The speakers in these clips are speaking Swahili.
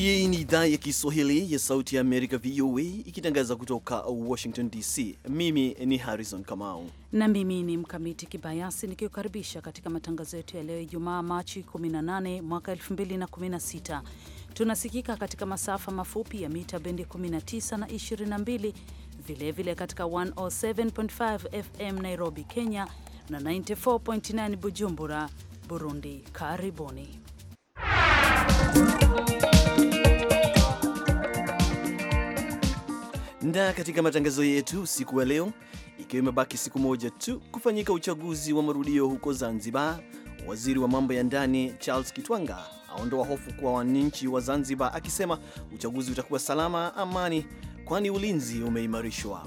Hii ni idhaa ya Kiswahili ya Sauti ya Amerika, VOA, ikitangaza kutoka Washington DC. Mimi ni Harrison Kamau na mimi ni Mkamiti Kibayasi nikiukaribisha katika matangazo yetu ya leo Ijumaa, Machi 18 mwaka 2016. Tunasikika katika masafa mafupi ya mita bendi 19 na 22, vilevile vile katika 107.5 FM Nairobi, Kenya na 94.9 Bujumbura, Burundi. Karibuni Na katika matangazo yetu siku ya leo, ikiwa imebaki siku moja tu kufanyika uchaguzi wa marudio huko Zanzibar, waziri wa mambo ya ndani Charles Kitwanga aondoa hofu kwa wananchi wa Zanzibar akisema uchaguzi utakuwa salama amani, kwani ulinzi umeimarishwa.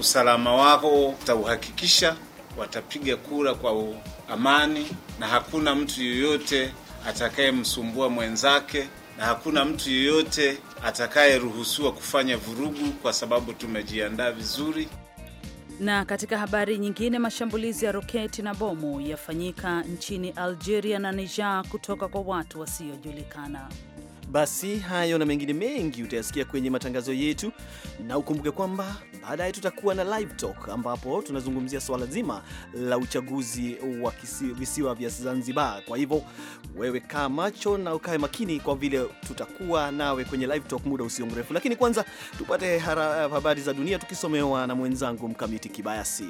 Usalama wao utauhakikisha, watapiga kura kwa amani, na hakuna mtu yoyote atakayemsumbua mwenzake, na hakuna mtu yoyote atakayeruhusiwa kufanya vurugu, kwa sababu tumejiandaa vizuri. Na katika habari nyingine, mashambulizi ya roketi na bomu yafanyika nchini Algeria na Niger kutoka kwa watu wasiojulikana. Basi hayo na mengine mengi utayasikia kwenye matangazo yetu, na ukumbuke kwamba baadaye tutakuwa na live talk, ambapo tunazungumzia swala zima la uchaguzi wa visiwa vya Zanzibar. Kwa hivyo wewe kaa macho na ukae makini, kwa vile tutakuwa nawe kwenye live talk muda usio mrefu, lakini kwanza tupate habari za dunia tukisomewa na mwenzangu Mkamiti Kibayasi.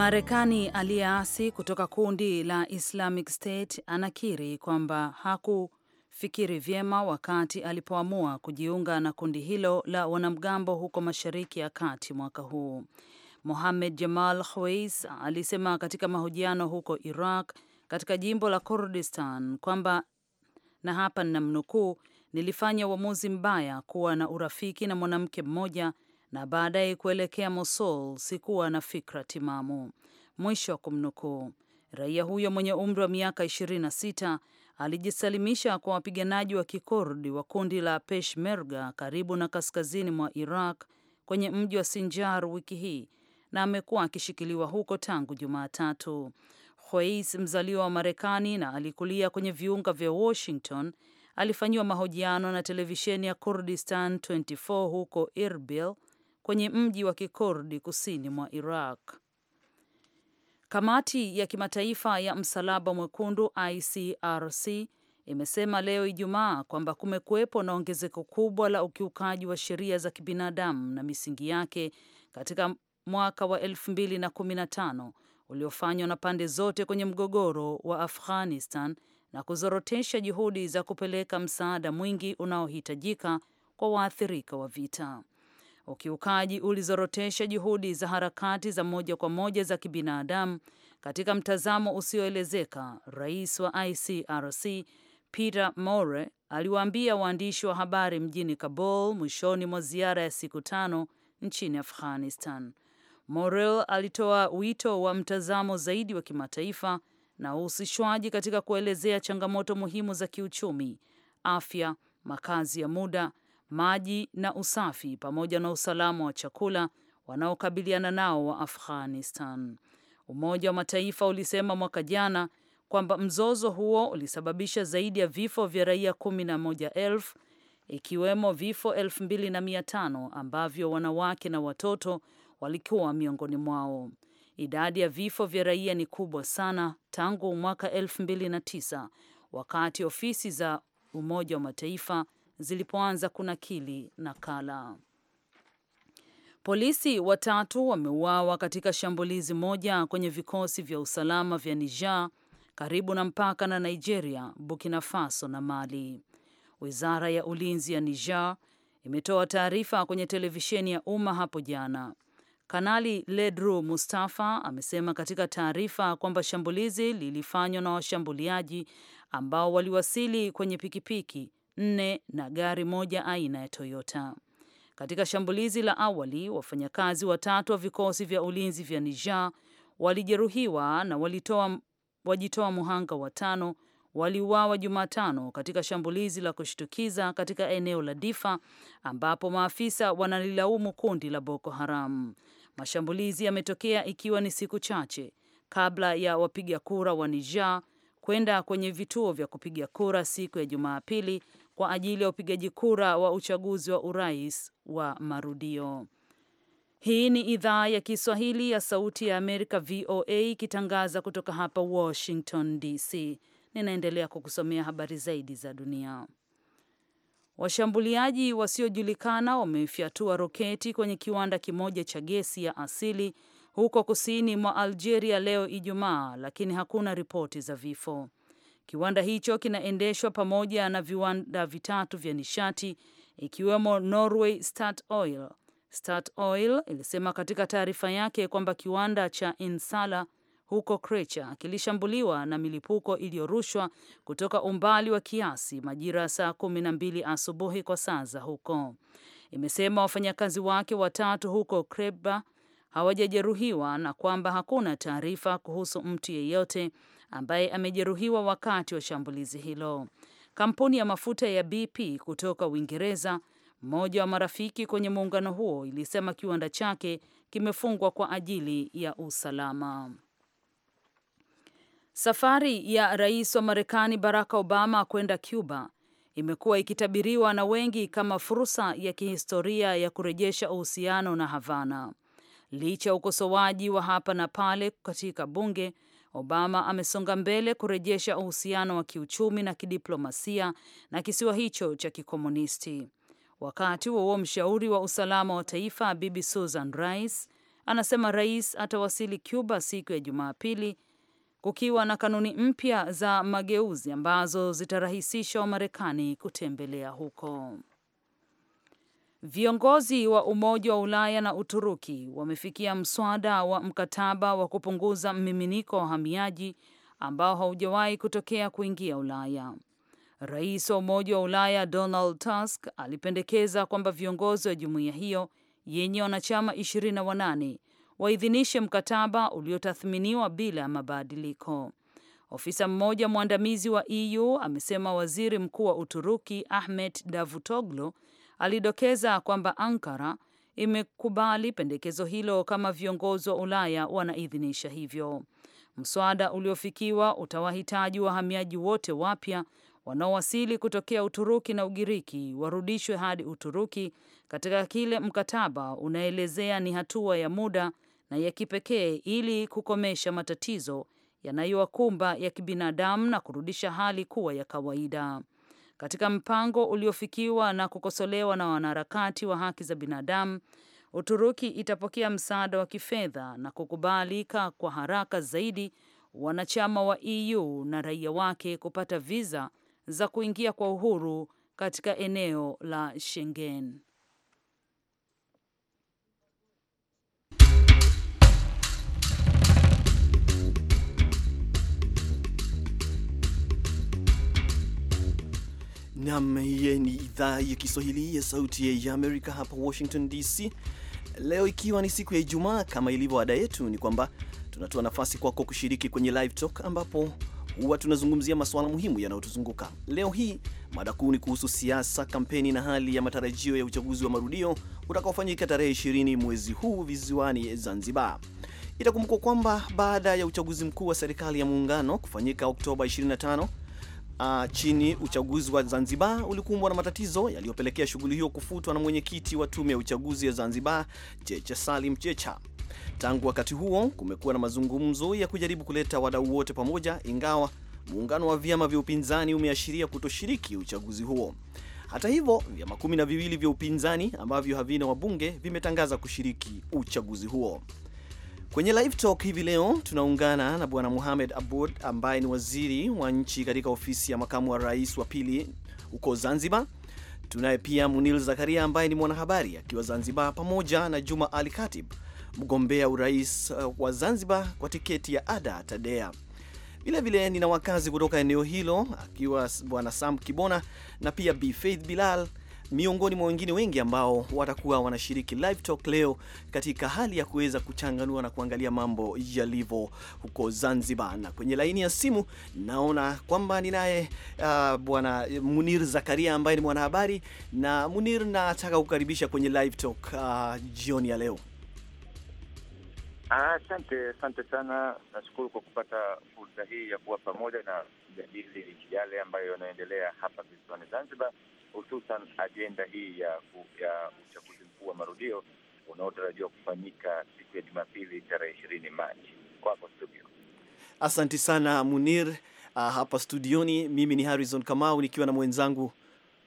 Marekani aliyeasi kutoka kundi la Islamic State anakiri kwamba hakufikiri vyema wakati alipoamua kujiunga na kundi hilo la wanamgambo huko Mashariki ya Kati mwaka huu. Mohamed Jamal Khweis alisema katika mahojiano huko Iraq katika jimbo la Kurdistan kwamba na hapa ninamnukuu, nilifanya uamuzi mbaya kuwa na urafiki na mwanamke mmoja na baadaye kuelekea Mosul, sikuwa na fikra timamu. Mwisho wa kumnukuu. Raia huyo mwenye umri wa miaka 26 alijisalimisha kwa wapiganaji wa kikurdi wa kundi la Peshmerga karibu na kaskazini mwa Iraq kwenye mji wa Sinjar wiki hii na amekuwa akishikiliwa huko tangu Jumatatu. Khois, mzaliwa wa Marekani na alikulia kwenye viunga vya Washington, alifanyiwa mahojiano na televisheni ya Kurdistan 24 huko Irbil kwenye mji wa Kikurdi kusini mwa Iraq. Kamati ya Kimataifa ya Msalaba Mwekundu ICRC imesema leo Ijumaa kwamba kumekuwepo na ongezeko kubwa la ukiukaji wa sheria za kibinadamu na misingi yake katika mwaka wa 2015 uliofanywa na pande zote kwenye mgogoro wa Afghanistan na kuzorotesha juhudi za kupeleka msaada mwingi unaohitajika kwa waathirika wa vita. Ukiukaji ulizorotesha juhudi za harakati za moja kwa moja za kibinadamu katika mtazamo usioelezeka, rais wa ICRC Peter more aliwaambia waandishi wa habari mjini Kabul mwishoni mwa ziara ya siku tano nchini Afghanistan. Morel alitoa wito wa mtazamo zaidi wa kimataifa na uhusishwaji katika kuelezea changamoto muhimu za kiuchumi, afya, makazi ya muda maji na usafi pamoja na usalama wa chakula wanaokabiliana nao wa Afghanistan. Umoja wa Mataifa ulisema mwaka jana kwamba mzozo huo ulisababisha zaidi ya vifo vya raia kumi na moja elfu ikiwemo vifo elfu mbili na mia tano ambavyo wanawake na watoto walikuwa miongoni mwao. Idadi ya vifo vya raia ni kubwa sana tangu mwaka elfu mbili na tisa wakati ofisi za Umoja wa Mataifa zilipoanza kunakili nakala. Polisi watatu wameuawa katika shambulizi moja kwenye vikosi vya usalama vya Niger karibu na mpaka na Nigeria, Burkina Faso na Mali. Wizara ya ulinzi ya Niger imetoa taarifa kwenye televisheni ya umma hapo jana. Kanali Ledru Mustafa amesema katika taarifa kwamba shambulizi lilifanywa na washambuliaji ambao waliwasili kwenye pikipiki nne na gari moja aina ya Toyota. Katika shambulizi la awali, wafanyakazi watatu wa vikosi vya ulinzi vya Niger walijeruhiwa na walitoa, wajitoa muhanga watano waliuawa Jumatano katika shambulizi la kushtukiza katika eneo la Difa ambapo maafisa wanalilaumu kundi la Boko Haram. Mashambulizi yametokea ikiwa ni siku chache kabla ya wapiga kura wa Niger kwenda kwenye vituo vya kupiga kura siku ya Jumapili kwa ajili ya upigaji kura wa uchaguzi wa urais wa marudio. Hii ni idhaa ya Kiswahili ya Sauti ya Amerika, VOA, ikitangaza kutoka hapa Washington DC. Ninaendelea kukusomea habari zaidi za dunia. Washambuliaji wasiojulikana wamefyatua roketi kwenye kiwanda kimoja cha gesi ya asili huko kusini mwa Algeria leo Ijumaa, lakini hakuna ripoti za vifo. Kiwanda hicho kinaendeshwa pamoja na viwanda vitatu vya nishati ikiwemo Norway Statoil. Oil ilisema katika taarifa yake kwamba kiwanda cha Insala huko Krecha kilishambuliwa na milipuko iliyorushwa kutoka umbali wa kiasi majira ya saa kumi na mbili asubuhi kwa saa za huko. Imesema wafanyakazi wake watatu huko Kreba hawajajeruhiwa na kwamba hakuna taarifa kuhusu mtu yeyote ambaye amejeruhiwa wakati wa shambulizi hilo. Kampuni ya mafuta ya BP kutoka Uingereza, mmoja wa marafiki kwenye muungano huo, ilisema kiwanda chake kimefungwa kwa ajili ya usalama. Safari ya rais wa Marekani Barack Obama kwenda Cuba imekuwa ikitabiriwa na wengi kama fursa ya kihistoria ya kurejesha uhusiano na Havana licha ya ukosoaji wa hapa na pale katika bunge Obama amesonga mbele kurejesha uhusiano wa kiuchumi na kidiplomasia na kisiwa hicho cha kikomunisti. Wakati huo mshauri wa usalama wa taifa Bibi Susan Rice anasema rais atawasili Cuba siku ya Jumapili kukiwa na kanuni mpya za mageuzi ambazo zitarahisisha Wamarekani kutembelea huko. Viongozi wa Umoja wa Ulaya na Uturuki wamefikia mswada wa mkataba wa kupunguza mmiminiko wa wahamiaji ambao haujawahi kutokea kuingia Ulaya. Rais wa Umoja wa Ulaya Donald Tusk alipendekeza kwamba viongozi wa jumuiya hiyo yenye wanachama 28 waidhinishe mkataba uliotathminiwa bila mabadiliko. Ofisa mmoja mwandamizi wa EU amesema waziri mkuu wa Uturuki Ahmet Davutoglu alidokeza kwamba Ankara imekubali pendekezo hilo kama viongozi wa Ulaya wanaidhinisha hivyo. Mswada uliofikiwa utawahitaji wahamiaji wote wapya wanaowasili kutokea Uturuki na Ugiriki warudishwe hadi Uturuki katika kile mkataba unaelezea ni hatua ya muda na ya kipekee ili kukomesha matatizo yanayowakumba ya kibinadamu na kurudisha hali kuwa ya kawaida. Katika mpango uliofikiwa na kukosolewa na wanaharakati wa haki za binadamu, Uturuki itapokea msaada wa kifedha na kukubalika kwa haraka zaidi wanachama wa EU na raia wake kupata viza za kuingia kwa uhuru katika eneo la Schengen. Nam, hiye ni idhaa ya Kiswahili ya Sauti ya Amerika hapa Washington DC. Leo ikiwa ni siku ya Ijumaa, kama ilivyo ada yetu, ni kwamba tunatoa nafasi kwako kushiriki kwenye live talk, ambapo huwa tunazungumzia masuala muhimu yanayotuzunguka. Leo hii mada kuu ni kuhusu siasa, kampeni na hali ya matarajio ya uchaguzi wa marudio utakaofanyika tarehe 20 mwezi huu visiwani Zanzibar. Itakumbukwa kwamba baada ya uchaguzi mkuu wa serikali ya muungano kufanyika Oktoba 25 uh, chini uchaguzi wa Zanzibar ulikumbwa na matatizo yaliyopelekea shughuli hiyo kufutwa na mwenyekiti wa tume ya uchaguzi ya Zanzibar Checha Salim Checha. Tangu wakati huo kumekuwa na mazungumzo ya kujaribu kuleta wadau wote pamoja, ingawa muungano wa vyama vya upinzani umeashiria kutoshiriki uchaguzi huo. Hata hivyo, vyama kumi na viwili vya upinzani ambavyo havina wabunge vimetangaza kushiriki uchaguzi huo. Kwenye live talk hivi leo tunaungana na Bwana muhamed Abud ambaye ni waziri wa nchi katika ofisi ya makamu wa rais wa pili huko Zanzibar. Tunaye pia Munil Zakaria ambaye ni mwanahabari akiwa Zanzibar, pamoja na Juma Ali katib mgombea urais uh, wa Zanzibar kwa tiketi ya Ada Tadea. Vilevile nina wakazi kutoka eneo hilo akiwa Bwana Sam Kibona na pia Bi Faith Bilal miongoni mwa wengine wengi ambao watakuwa wanashiriki live talk leo katika hali ya kuweza kuchanganua na kuangalia mambo yalivyo huko Zanzibar. Na kwenye laini ya simu naona kwamba ninaye uh, bwana Munir Zakaria ambaye ni mwanahabari. Na Munir, nataka kukaribisha kwenye live talk uh, jioni ya leo. Ah, asante ah, asante sana, nashukuru kwa kupata fursa hii ya kuwa pamoja na kujadili yale ambayo yanaendelea hapa visiwani Zanzibar hususan ajenda hii ya, ya uchaguzi mkuu wa marudio unaotarajiwa kufanyika siku ya Jumapili tarehe ishirini Machi. Kwako studio. Asanti sana Munir. Uh, hapa studioni mimi ni Harrison Kamau nikiwa na mwenzangu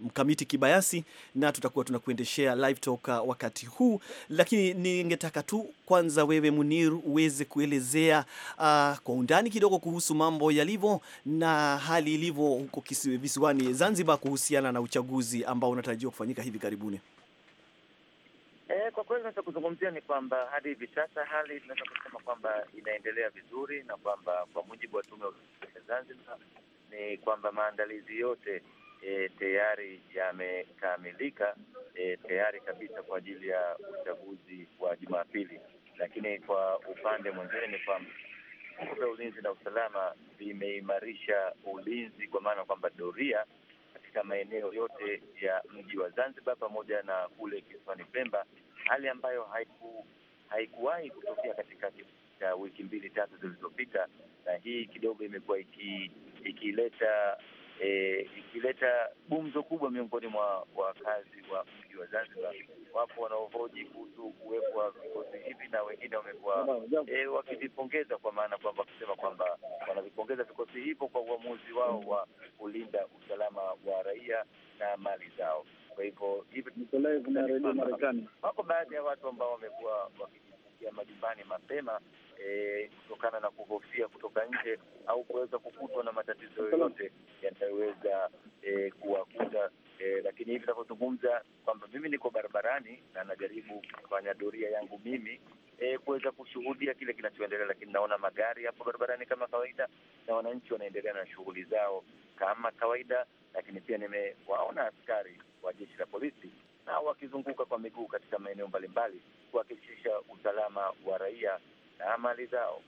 Mkamiti Kibayasi, na tutakuwa tunakuendeshea live talk wakati huu, lakini ningetaka tu kwanza wewe munir uweze kuelezea uh, kwa undani kidogo kuhusu mambo yalivyo na hali ilivyo huko visiwani Zanzibar kuhusiana na uchaguzi ambao unatarajiwa kufanyika hivi karibuni. E, kwa kweli naweza kuzungumzia ni kwamba hadi hivi sasa hali tunaweza kusema kwamba inaendelea vizuri, na kwamba kwa mujibu wa tume ya Zanzibar ni kwamba maandalizi yote e, tayari yamekamilika e, tayari kabisa kwa ajili ya uchaguzi wa Jumapili. Lakini kwa upande mwingine ni kwamba vyombo vya ulinzi na usalama vimeimarisha ulinzi kwa maana kwamba doria katika maeneo yote ya mji wa Zanzibar pamoja na kule kisiwani Pemba, hali ambayo haiku haikuwahi kutokea katika cha wiki mbili tatu zilizopita, na hii kidogo imekuwa ikileta eh, ikileta gumzo kubwa miongoni mwa wakazi wa mji wa Zanzibar. Wapo wanaohoji kuhusu kuwekwa vikosi hivi na wengine wamekuwa eh, wakivipongeza kwa maana kwamba kusema kwamba wanavipongeza vikosi hivyo kwa uamuzi wao wa kulinda usalama wa raia na mali zao. Kwa hivyo wako baadhi ya watu ambao wamekuwa wakijifungia majumbani mapema e, kutokana na kuhofia kutoka nje au kuweza kukutwa na matatizo yoyote yanayoweza e, kuwakuta e, lakini hivi inavyozungumza kwamba mimi niko barabarani na najaribu kufanya doria yangu mimi e, kuweza kushuhudia kile kinachoendelea, lakini naona magari hapo barabarani kama kawaida na wananchi wanaendelea na shughuli zao kama kawaida, lakini pia nimewaona askari wa jeshi la polisi na wakizunguka kwa miguu katika maeneo mbalimbali kuhakikisha usalama wa raia na amali zao.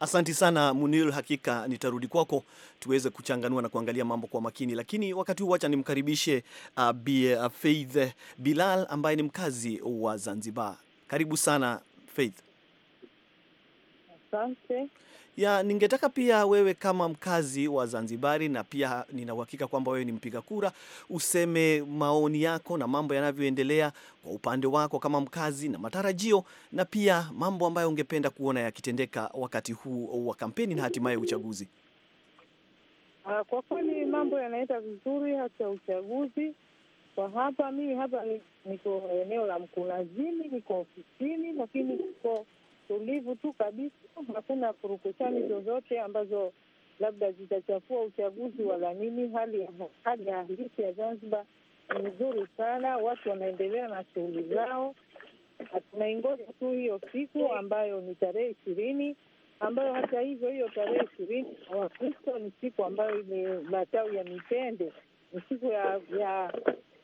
Asanti sana Munil, hakika nitarudi kwako tuweze kuchanganua na kuangalia mambo kwa makini, lakini wakati huu wacha nimkaribishe uh, Bi uh, Faith Bilal ambaye ni mkazi wa Zanzibar. Karibu sana Faith. Asante ya ningetaka pia wewe kama mkazi wa Zanzibari, na pia nina uhakika kwamba wewe ni mpiga kura, useme maoni yako na mambo yanavyoendelea kwa upande wako kama mkazi, na matarajio na pia mambo ambayo ungependa kuona yakitendeka wakati huu wa kampeni na hatimaye uchaguzi. Ah, kwa kweli mambo yanaenda vizuri, hata uchaguzi kwa hapa. Mimi hapa niko eneo la Mkunazini, niko ofisini, lakini niko tulivu tu kabisa, hakuna purukushani zozote ambazo labda zitachafua uchaguzi wala nini. Hali, hali ya halisi ya Zanzibar ni nzuri sana, watu wanaendelea na shughuli zao. Tunaingoja tu hiyo siku ambayo ni tarehe ishirini ambayo hata hivyo hiyo tarehe ishirini Wakristo ni siku ambayo ni matawi ya mitende, ni siku ya, ya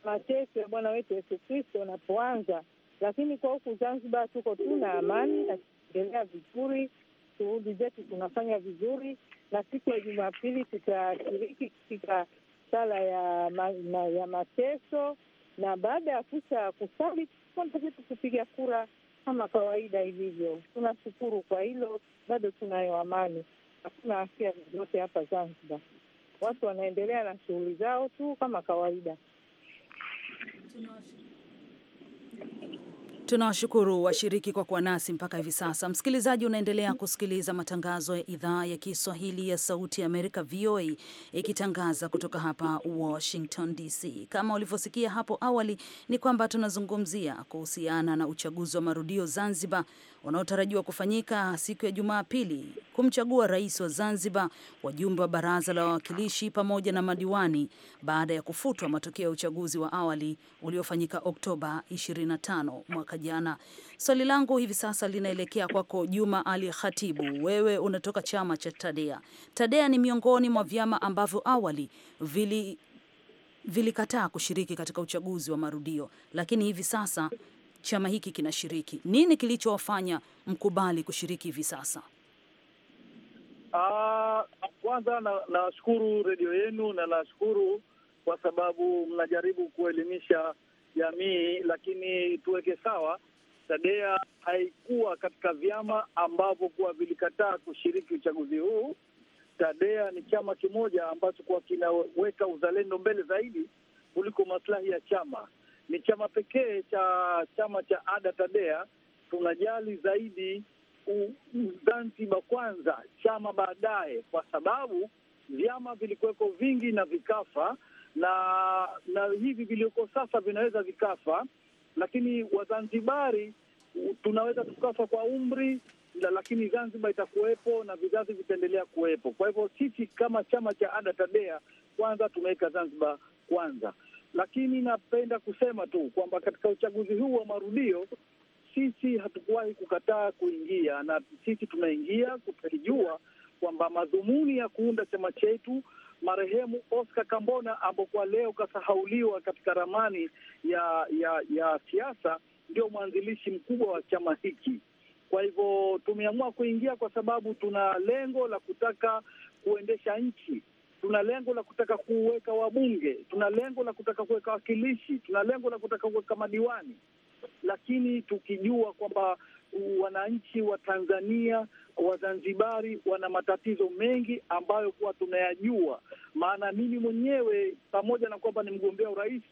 mateso ya Bwana wetu Yesu Kristo unapoanza, lakini kwa huku Zanzibar tuko tu na amani na tunaendelea vizuri, shughuli zetu tunafanya vizuri, na siku ya Jumapili tutashiriki katika sala ya ma, ma, ya mateso, na baada ya kusha kusali tunatakiwa kupiga kura kama kawaida ilivyo. Tunashukuru kwa hilo, bado tunayo amani, hakuna afya zozote hapa Zanzibar. Watu wanaendelea na shughuli zao tu kama kawaida. Tunawashukuru washiriki kwa kuwa nasi mpaka hivi sasa. Msikilizaji, unaendelea kusikiliza matangazo ya idhaa ya Kiswahili ya Sauti ya Amerika, VOA, ikitangaza kutoka hapa Washington DC. Kama ulivyosikia hapo awali, ni kwamba tunazungumzia kuhusiana na uchaguzi wa marudio Zanzibar unaotarajiwa kufanyika siku ya Jumapili kumchagua rais wa Zanzibar, wajumbe wa baraza la wawakilishi pamoja na madiwani baada ya kufutwa matokeo ya uchaguzi wa awali uliofanyika Oktoba 25 mwaka jana. Swali langu hivi sasa linaelekea kwako Juma Ali Khatibu, wewe unatoka chama cha Tadea. Tadea ni miongoni mwa vyama ambavyo awali vili vilikataa kushiriki katika uchaguzi wa marudio, lakini hivi sasa chama hiki kinashiriki. Nini kilichowafanya mkubali kushiriki hivi sasa? Aa, ah, kwanza nashukuru na redio yenu na nashukuru kwa sababu mnajaribu kuelimisha jamii, lakini tuweke sawa, Tadea haikuwa katika vyama ambavyo kuwa vilikataa kushiriki uchaguzi huu. Tadea ni chama kimoja ambacho kuwa kinaweka uzalendo mbele zaidi kuliko maslahi ya chama ni chama pekee cha chama cha Ada Tadea, tunajali zaidi Zanzibar kwanza, chama baadaye, kwa sababu vyama vilikuweko vingi na vikafa, na na hivi vilioko sasa vinaweza vikafa, lakini Wazanzibari tunaweza tukafa kwa umri la, lakini Zanzibar itakuwepo na vizazi vitaendelea kuwepo. Kwa hivyo sisi kama chama cha Ada Tadea kwanza tumeweka Zanzibar kwanza. Lakini napenda kusema tu kwamba katika uchaguzi huu wa marudio sisi hatukuwahi kukataa kuingia, na sisi tunaingia tukijua kwamba madhumuni ya kuunda chama chetu marehemu Oscar Kambona ambokuwa leo kasahauliwa katika ramani ya ya ya siasa, ndio mwanzilishi mkubwa wa chama hiki. Kwa hivyo tumeamua kuingia kwa sababu tuna lengo la kutaka kuendesha nchi tuna lengo la kutaka kuweka wabunge, tuna lengo la kutaka kuweka wakilishi, tuna lengo la kutaka kuweka madiwani, lakini tukijua kwamba wananchi wa Tanzania Wazanzibari wana matatizo mengi ambayo kuwa tunayajua. Maana mimi mwenyewe pamoja na kwamba ni mgombea urais,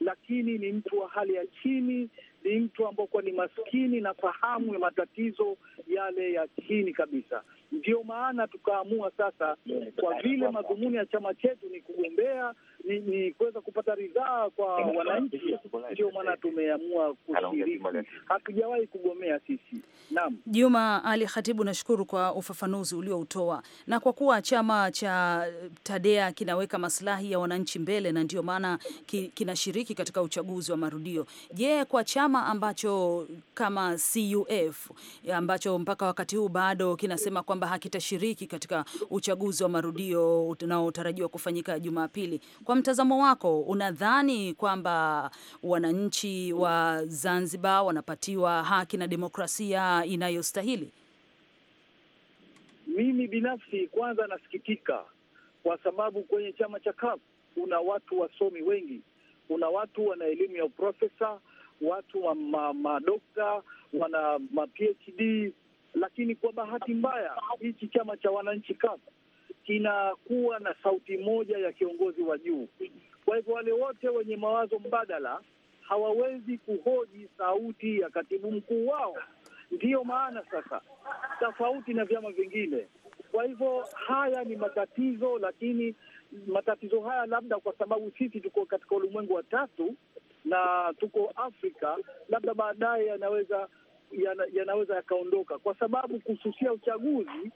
lakini ni mtu wa hali ya chini, ni mtu ambao kuwa ni maskini na fahamu ya matatizo yale ya chini kabisa ndio maana tukaamua sasa, kwa vile madhumuni ya chama chetu ni kugombea, ni, ni kuweza kupata ridhaa kwa wananchi, ndio maana tumeamua kushiriki. Hatujawahi kugomea sisi. Naam, Juma Ali Khatibu, nashukuru kwa ufafanuzi ulioutoa, na kwa kuwa chama cha Tadea kinaweka maslahi ya wananchi mbele na ndio maana kinashiriki katika uchaguzi wa marudio. Je, kwa chama ambacho kama CUF ambacho mpaka wakati huu bado kinasema kwa kwamba hakitashiriki katika uchaguzi wa marudio unaotarajiwa kufanyika Jumapili. Kwa mtazamo wako, unadhani kwamba wananchi wa Zanzibar wanapatiwa haki na demokrasia inayostahili? Mimi binafsi kwanza nasikitika kwa sababu kwenye chama cha CUF kuna watu wasomi wengi, kuna watu wana elimu ya uprofesa, watu wa madokta, wana ma PhD lakini kwa bahati mbaya hichi chama cha wananchi kafu kinakuwa na sauti moja ya kiongozi wa juu. Kwa hivyo wale wote wenye mawazo mbadala hawawezi kuhoji sauti ya katibu mkuu wao. Ndiyo maana sasa, tofauti na vyama vingine. Kwa hivyo haya ni matatizo, lakini matatizo haya labda kwa sababu sisi tuko katika ulimwengu wa tatu na tuko Afrika, labda baadaye yanaweza yana, yanaweza yakaondoka, kwa sababu kususia uchaguzi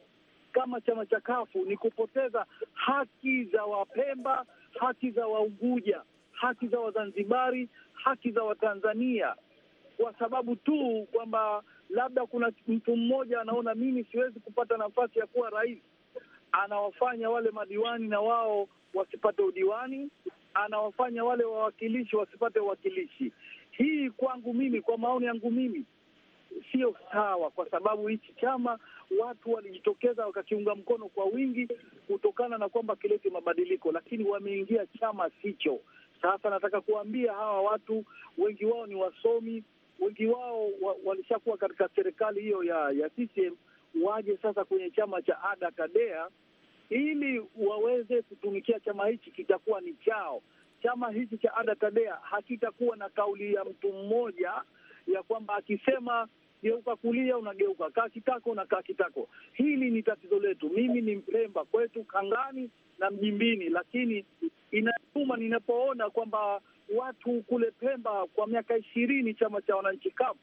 kama chama cha Kafu ni kupoteza haki za Wapemba, haki za Waunguja, haki za Wazanzibari, haki za Watanzania kwa sababu tu kwamba labda kuna mtu mmoja anaona mimi siwezi kupata nafasi ya kuwa rais, anawafanya wale madiwani na wao wasipate udiwani, anawafanya wale wawakilishi wasipate uwakilishi. Hii kwangu mimi, kwa maoni yangu mimi, sio sawa, kwa sababu hichi chama watu walijitokeza wakakiunga mkono kwa wingi kutokana na kwamba kilete mabadiliko, lakini wameingia chama sicho. Sasa nataka kuambia hawa watu wengi wao ni wasomi, wengi wao wa, walishakuwa katika serikali hiyo ya ya CCM, waje sasa kwenye chama cha Ada Tadea ili waweze kutumikia chama hichi, kitakuwa ni chao. Chama hichi cha Ada KADEA hakitakuwa na kauli ya mtu mmoja ya kwamba akisema geuka kulia, unageuka kaa kitako, kaa kitako. Hili ni tatizo letu. Mimi ni Mremba, kwetu Kangani na Mjimbini, lakini inatuma ninapoona kwamba watu kule Pemba kwa miaka ishirini chama cha wananchi kafu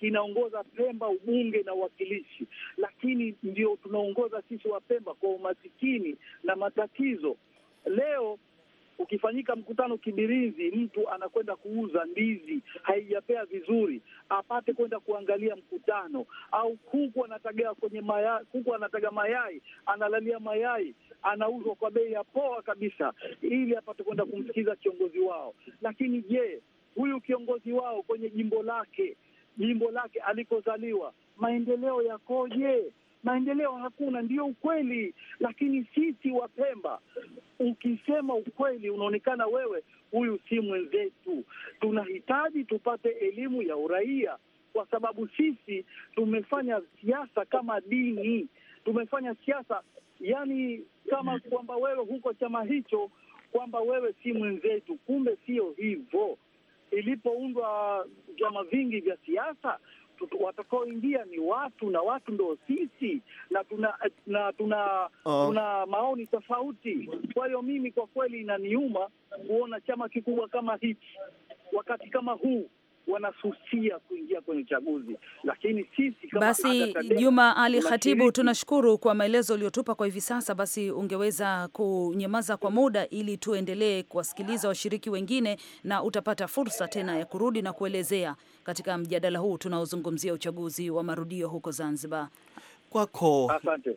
kinaongoza Pemba ubunge na uwakilishi, lakini ndio tunaongoza sisi wa Pemba kwa umasikini na matatizo leo ukifanyika mkutano Kibirizi, mtu anakwenda kuuza ndizi haijapea vizuri, apate kwenda kuangalia mkutano. Au kuku anataga kwenye mayai, kuku anataga mayai, analalia mayai, anauzwa kwa bei ya poa kabisa, ili apate kwenda kumsikiza kiongozi wao. Lakini je, huyu kiongozi wao kwenye jimbo lake, jimbo lake alikozaliwa, maendeleo yakoje? maendeleo hakuna. ndio ukweli, lakini sisi Wapemba, ukisema ukweli, unaonekana wewe huyu si mwenzetu. Tunahitaji tupate elimu ya uraia, kwa sababu sisi tumefanya siasa kama dini, tumefanya siasa yani kama mm. kwamba wewe huko chama hicho, kwamba wewe si mwenzetu. Kumbe sio hivyo. Ilipoundwa vyama vingi vya siasa watakaoingia ni watu na watu ndo sisi, na tuna na tuna oh, tuna maoni tofauti. Kwa hiyo mimi kwa kweli inaniuma kuona chama kikubwa kama hiki wakati kama huu wanasusia kuingia kwenye uchaguzi. Lakini sisi kama basi, Juma Ali Khatibu, tunashukuru kwa maelezo uliotupa kwa hivi sasa. Basi ungeweza kunyamaza kwa muda ili tuendelee kuwasikiliza washiriki wengine, na utapata fursa tena ya kurudi na kuelezea katika mjadala huu tunaozungumzia uchaguzi wa marudio huko Zanzibar. Kwako, asante.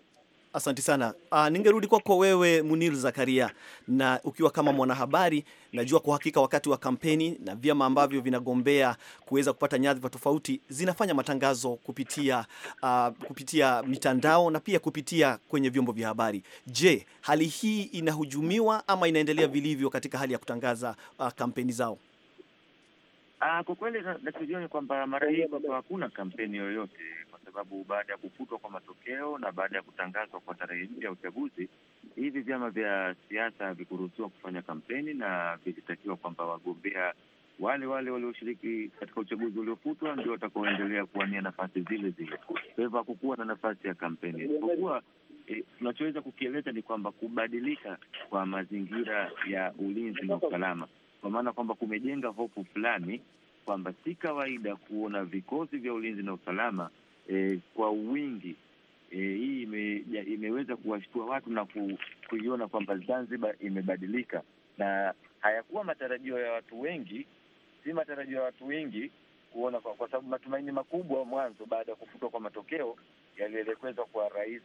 Asanti sana. Uh, ningerudi kwako wewe Munir Zakaria, na ukiwa kama mwanahabari, najua kwa hakika wakati wa kampeni na vyama ambavyo vinagombea kuweza kupata nyadhifa tofauti zinafanya matangazo kupitia, uh, kupitia mitandao na pia kupitia kwenye vyombo vya habari. Je, hali hii inahujumiwa ama inaendelea vilivyo katika hali ya kutangaza uh, kampeni zao? Uh, kwa kweli natujua kwamba mara hii hakuna kampeni yoyote sababu baada ya kufutwa kwa matokeo na baada ya kutangazwa kwa tarehe mpya ya uchaguzi, hivi vyama vya siasa havikuruhusiwa kufanya kampeni na vilitakiwa kwamba wagombea wale wale walioshiriki katika uchaguzi uliofutwa ndio watakaoendelea kuwania nafasi zile zile. Kwa hivyo hakukuwa na nafasi ya kampeni, isipokuwa e, tunachoweza e, kukieleza ni kwamba kubadilika kwa mazingira ya ulinzi na usalama, kwa maana kwamba kumejenga hofu fulani kwamba si kawaida kuona vikosi vya ulinzi na usalama e, kwa wingi e, hii ime, imeweza kuwashtua watu na kuiona kwamba Zanzibar imebadilika, na hayakuwa matarajio ya watu wengi, si matarajio ya watu wengi kuona kwa, kwa sababu matumaini makubwa mwanzo baada ya kufutwa kwa matokeo yalielekezwa kwa rais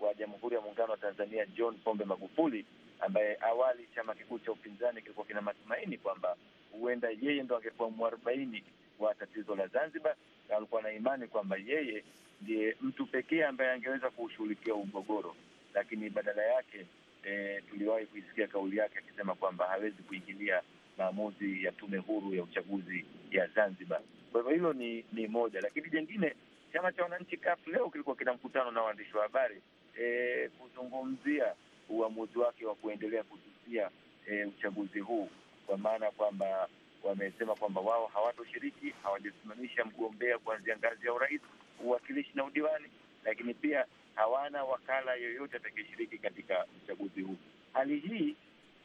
wa Jamhuri ya Muungano wa Tanzania John Pombe Magufuli, ambaye awali chama kikuu cha upinzani kilikuwa kina matumaini kwamba huenda yeye ndo angekuwa mwarobaini kwa tatizo la Zanzibar, na alikuwa na imani kwamba yeye ndiye mtu pekee ambaye angeweza kuushughulikia ugogoro, lakini badala yake e, tuliwahi kuisikia kauli yake akisema kwamba hawezi kuingilia maamuzi ya tume huru ya uchaguzi ya Zanzibar. Kwa hivyo hilo ni ni moja, lakini jengine, chama cha wananchi CUF leo kilikuwa kina mkutano na waandishi wa habari e, kuzungumzia uamuzi wake wa kuendelea kususia e, eh, uchaguzi huu kwa maana kwamba wamesema kwamba wao hawatoshiriki, hawajasimamisha mgombea kuanzia ngazi ya urais, uwakilishi na udiwani, lakini pia hawana wakala yoyote atakayeshiriki katika uchaguzi huu. Hali hii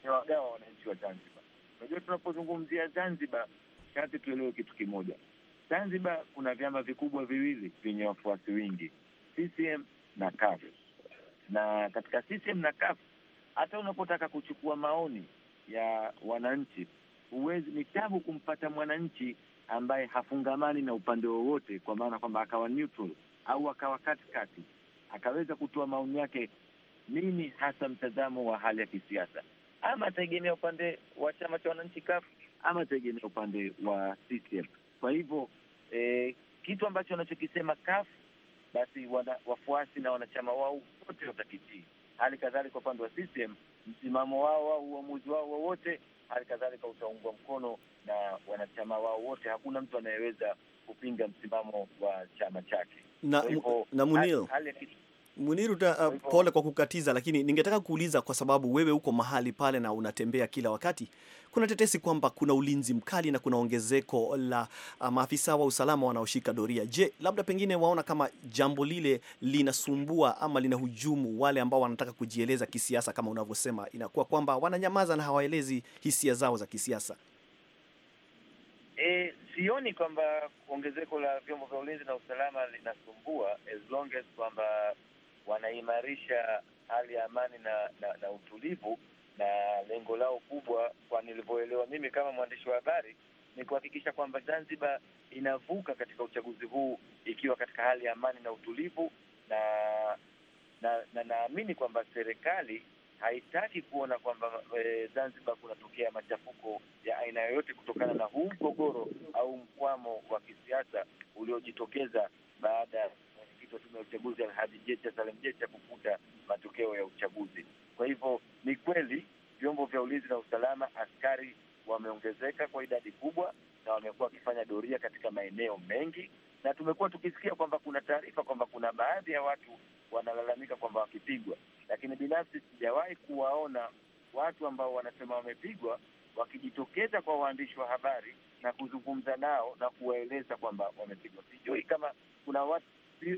ni wagawa wananchi wa Zanzibar. Unajua, tunapozungumzia Zanzibar sharti tuelewe kitu kimoja. Zanzibar kuna vyama vikubwa viwili vyenye wafuasi wengi, CCM na CUF, na katika CCM na CUF hata unapotaka kuchukua maoni ya wananchi huwezi, ni tabu kumpata mwananchi ambaye hafungamani na upande wowote, kwa maana kwamba akawa neutral au akawa katikati, akaweza kutoa maoni yake, nini hasa mtazamo wa hali ya kisiasa, ama tegemea upande wa chama cha wananchi CUF ama tegemea upande wa CCM. Kwa hivyo eh, kitu ambacho wanachokisema CUF basi wana, wafuasi na wanachama wao wote watakitii. Hali kadhalika upande wa CCM msimamo wao au uamuzi wao wowote hali kadhalika utaungwa mkono na wanachama wao wote. Hakuna mtu anayeweza kupinga msimamo wa chama chake na, na Munir uh, pole kwa kukatiza, lakini ningetaka kuuliza kwa sababu wewe uko mahali pale na unatembea kila wakati, kuna tetesi kwamba kuna ulinzi mkali na kuna ongezeko la ah, maafisa wa usalama wanaoshika doria. Je, labda pengine waona kama jambo lile linasumbua ama linahujumu wale ambao wanataka kujieleza kisiasa, kama unavyosema, inakuwa kwamba wananyamaza na hawaelezi hisia zao za kisiasa? E, sioni kwamba ongezeko la vyombo vya ulinzi na usalama linasumbua as long as kwamba wanaimarisha hali ya amani na, na, na utulivu na lengo lao kubwa, kwa nilivyoelewa mimi kama mwandishi wa habari, ni kuhakikisha kwamba Zanzibar inavuka katika uchaguzi huu ikiwa katika hali ya amani na utulivu, na na naamini na kwamba serikali haitaki kuona kwamba e, Zanzibar kunatokea machafuko ya aina yoyote kutokana na huu mgogoro au mkwamo wa kisiasa uliojitokeza baada ya mwenyekiti wa tume ya uchaguzi Alhaji Jecha Salem Jecha kufuta matokeo ya uchaguzi. Kwa hivyo ni kweli vyombo vya ulinzi na usalama, askari wameongezeka kwa idadi kubwa na wamekuwa wakifanya doria katika maeneo mengi, na tumekuwa tukisikia kwamba kuna taarifa kwamba kuna baadhi ya watu wanalalamika kwamba wakipigwa, lakini binafsi sijawahi kuwaona watu ambao wanasema wamepigwa wakijitokeza kwa waandishi wa habari na kuzungumza nao na kuwaeleza kwamba wamepigwa. Sijui kama kuna watu,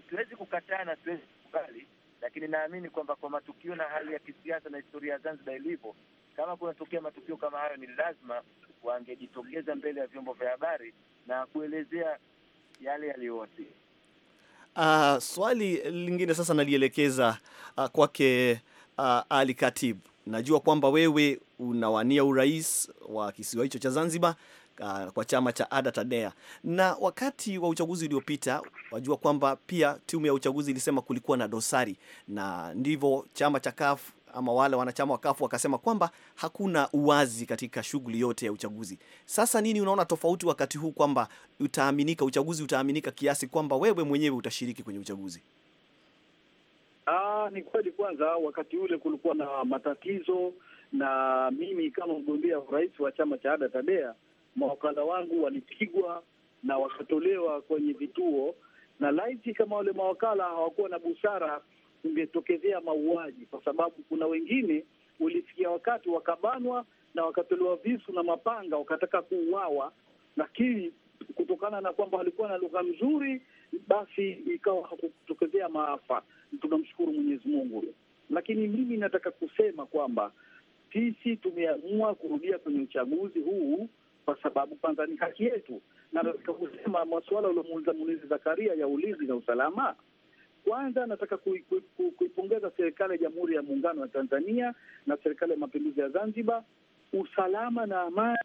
siwezi kukataa na siwezi kukubali lakini naamini kwamba kwa matukio na hali ya kisiasa na historia ya Zanzibar ilivyo, kama kunatokea matukio kama hayo, ni lazima wangejitokeza mbele ya vyombo vya habari na kuelezea yale yaliyowasia. Uh, ah, swali lingine sasa nalielekeza uh, kwake uh, Ali katibu Najua kwamba wewe unawania urais wa kisiwa hicho cha Zanzibar uh, kwa chama cha Ada Tadea. Na wakati wa uchaguzi uliopita, wajua kwamba pia timu ya uchaguzi ilisema kulikuwa na dosari, na ndivyo chama cha CUF ama wale wanachama wa CUF wakasema kwamba hakuna uwazi katika shughuli yote ya uchaguzi. Sasa nini unaona tofauti wakati huu kwamba utaaminika uchaguzi utaaminika kiasi kwamba wewe mwenyewe utashiriki kwenye uchaguzi? Aa, ah, ni kweli. Kwanza wakati ule kulikuwa na matatizo, na mimi kama mgombea urais wa chama cha Ada Tadea mawakala wangu walipigwa na wakatolewa kwenye vituo, na laiti kama wale mawakala hawakuwa na busara, ingetokezea mauaji, kwa sababu kuna wengine ulifikia wakati wakabanwa na wakatolewa visu na mapanga, wakataka kuuawa, lakini kutokana na kwamba walikuwa na lugha nzuri, basi ikawa hakutokezea maafa. Tunamshukuru Mwenyezi Mungu, lakini mimi nataka kusema kwamba sisi tumeamua kurudia kwenye uchaguzi huu kwa sababu kwanza ni haki yetu, na nataka kusema masuala uliomuuliza mulizi Zakaria ya ulinzi na usalama kwanza nataka kuipongeza serikali ya Jamhuri ya Muungano wa Tanzania na serikali ya Mapinduzi ya Zanzibar. Usalama na amani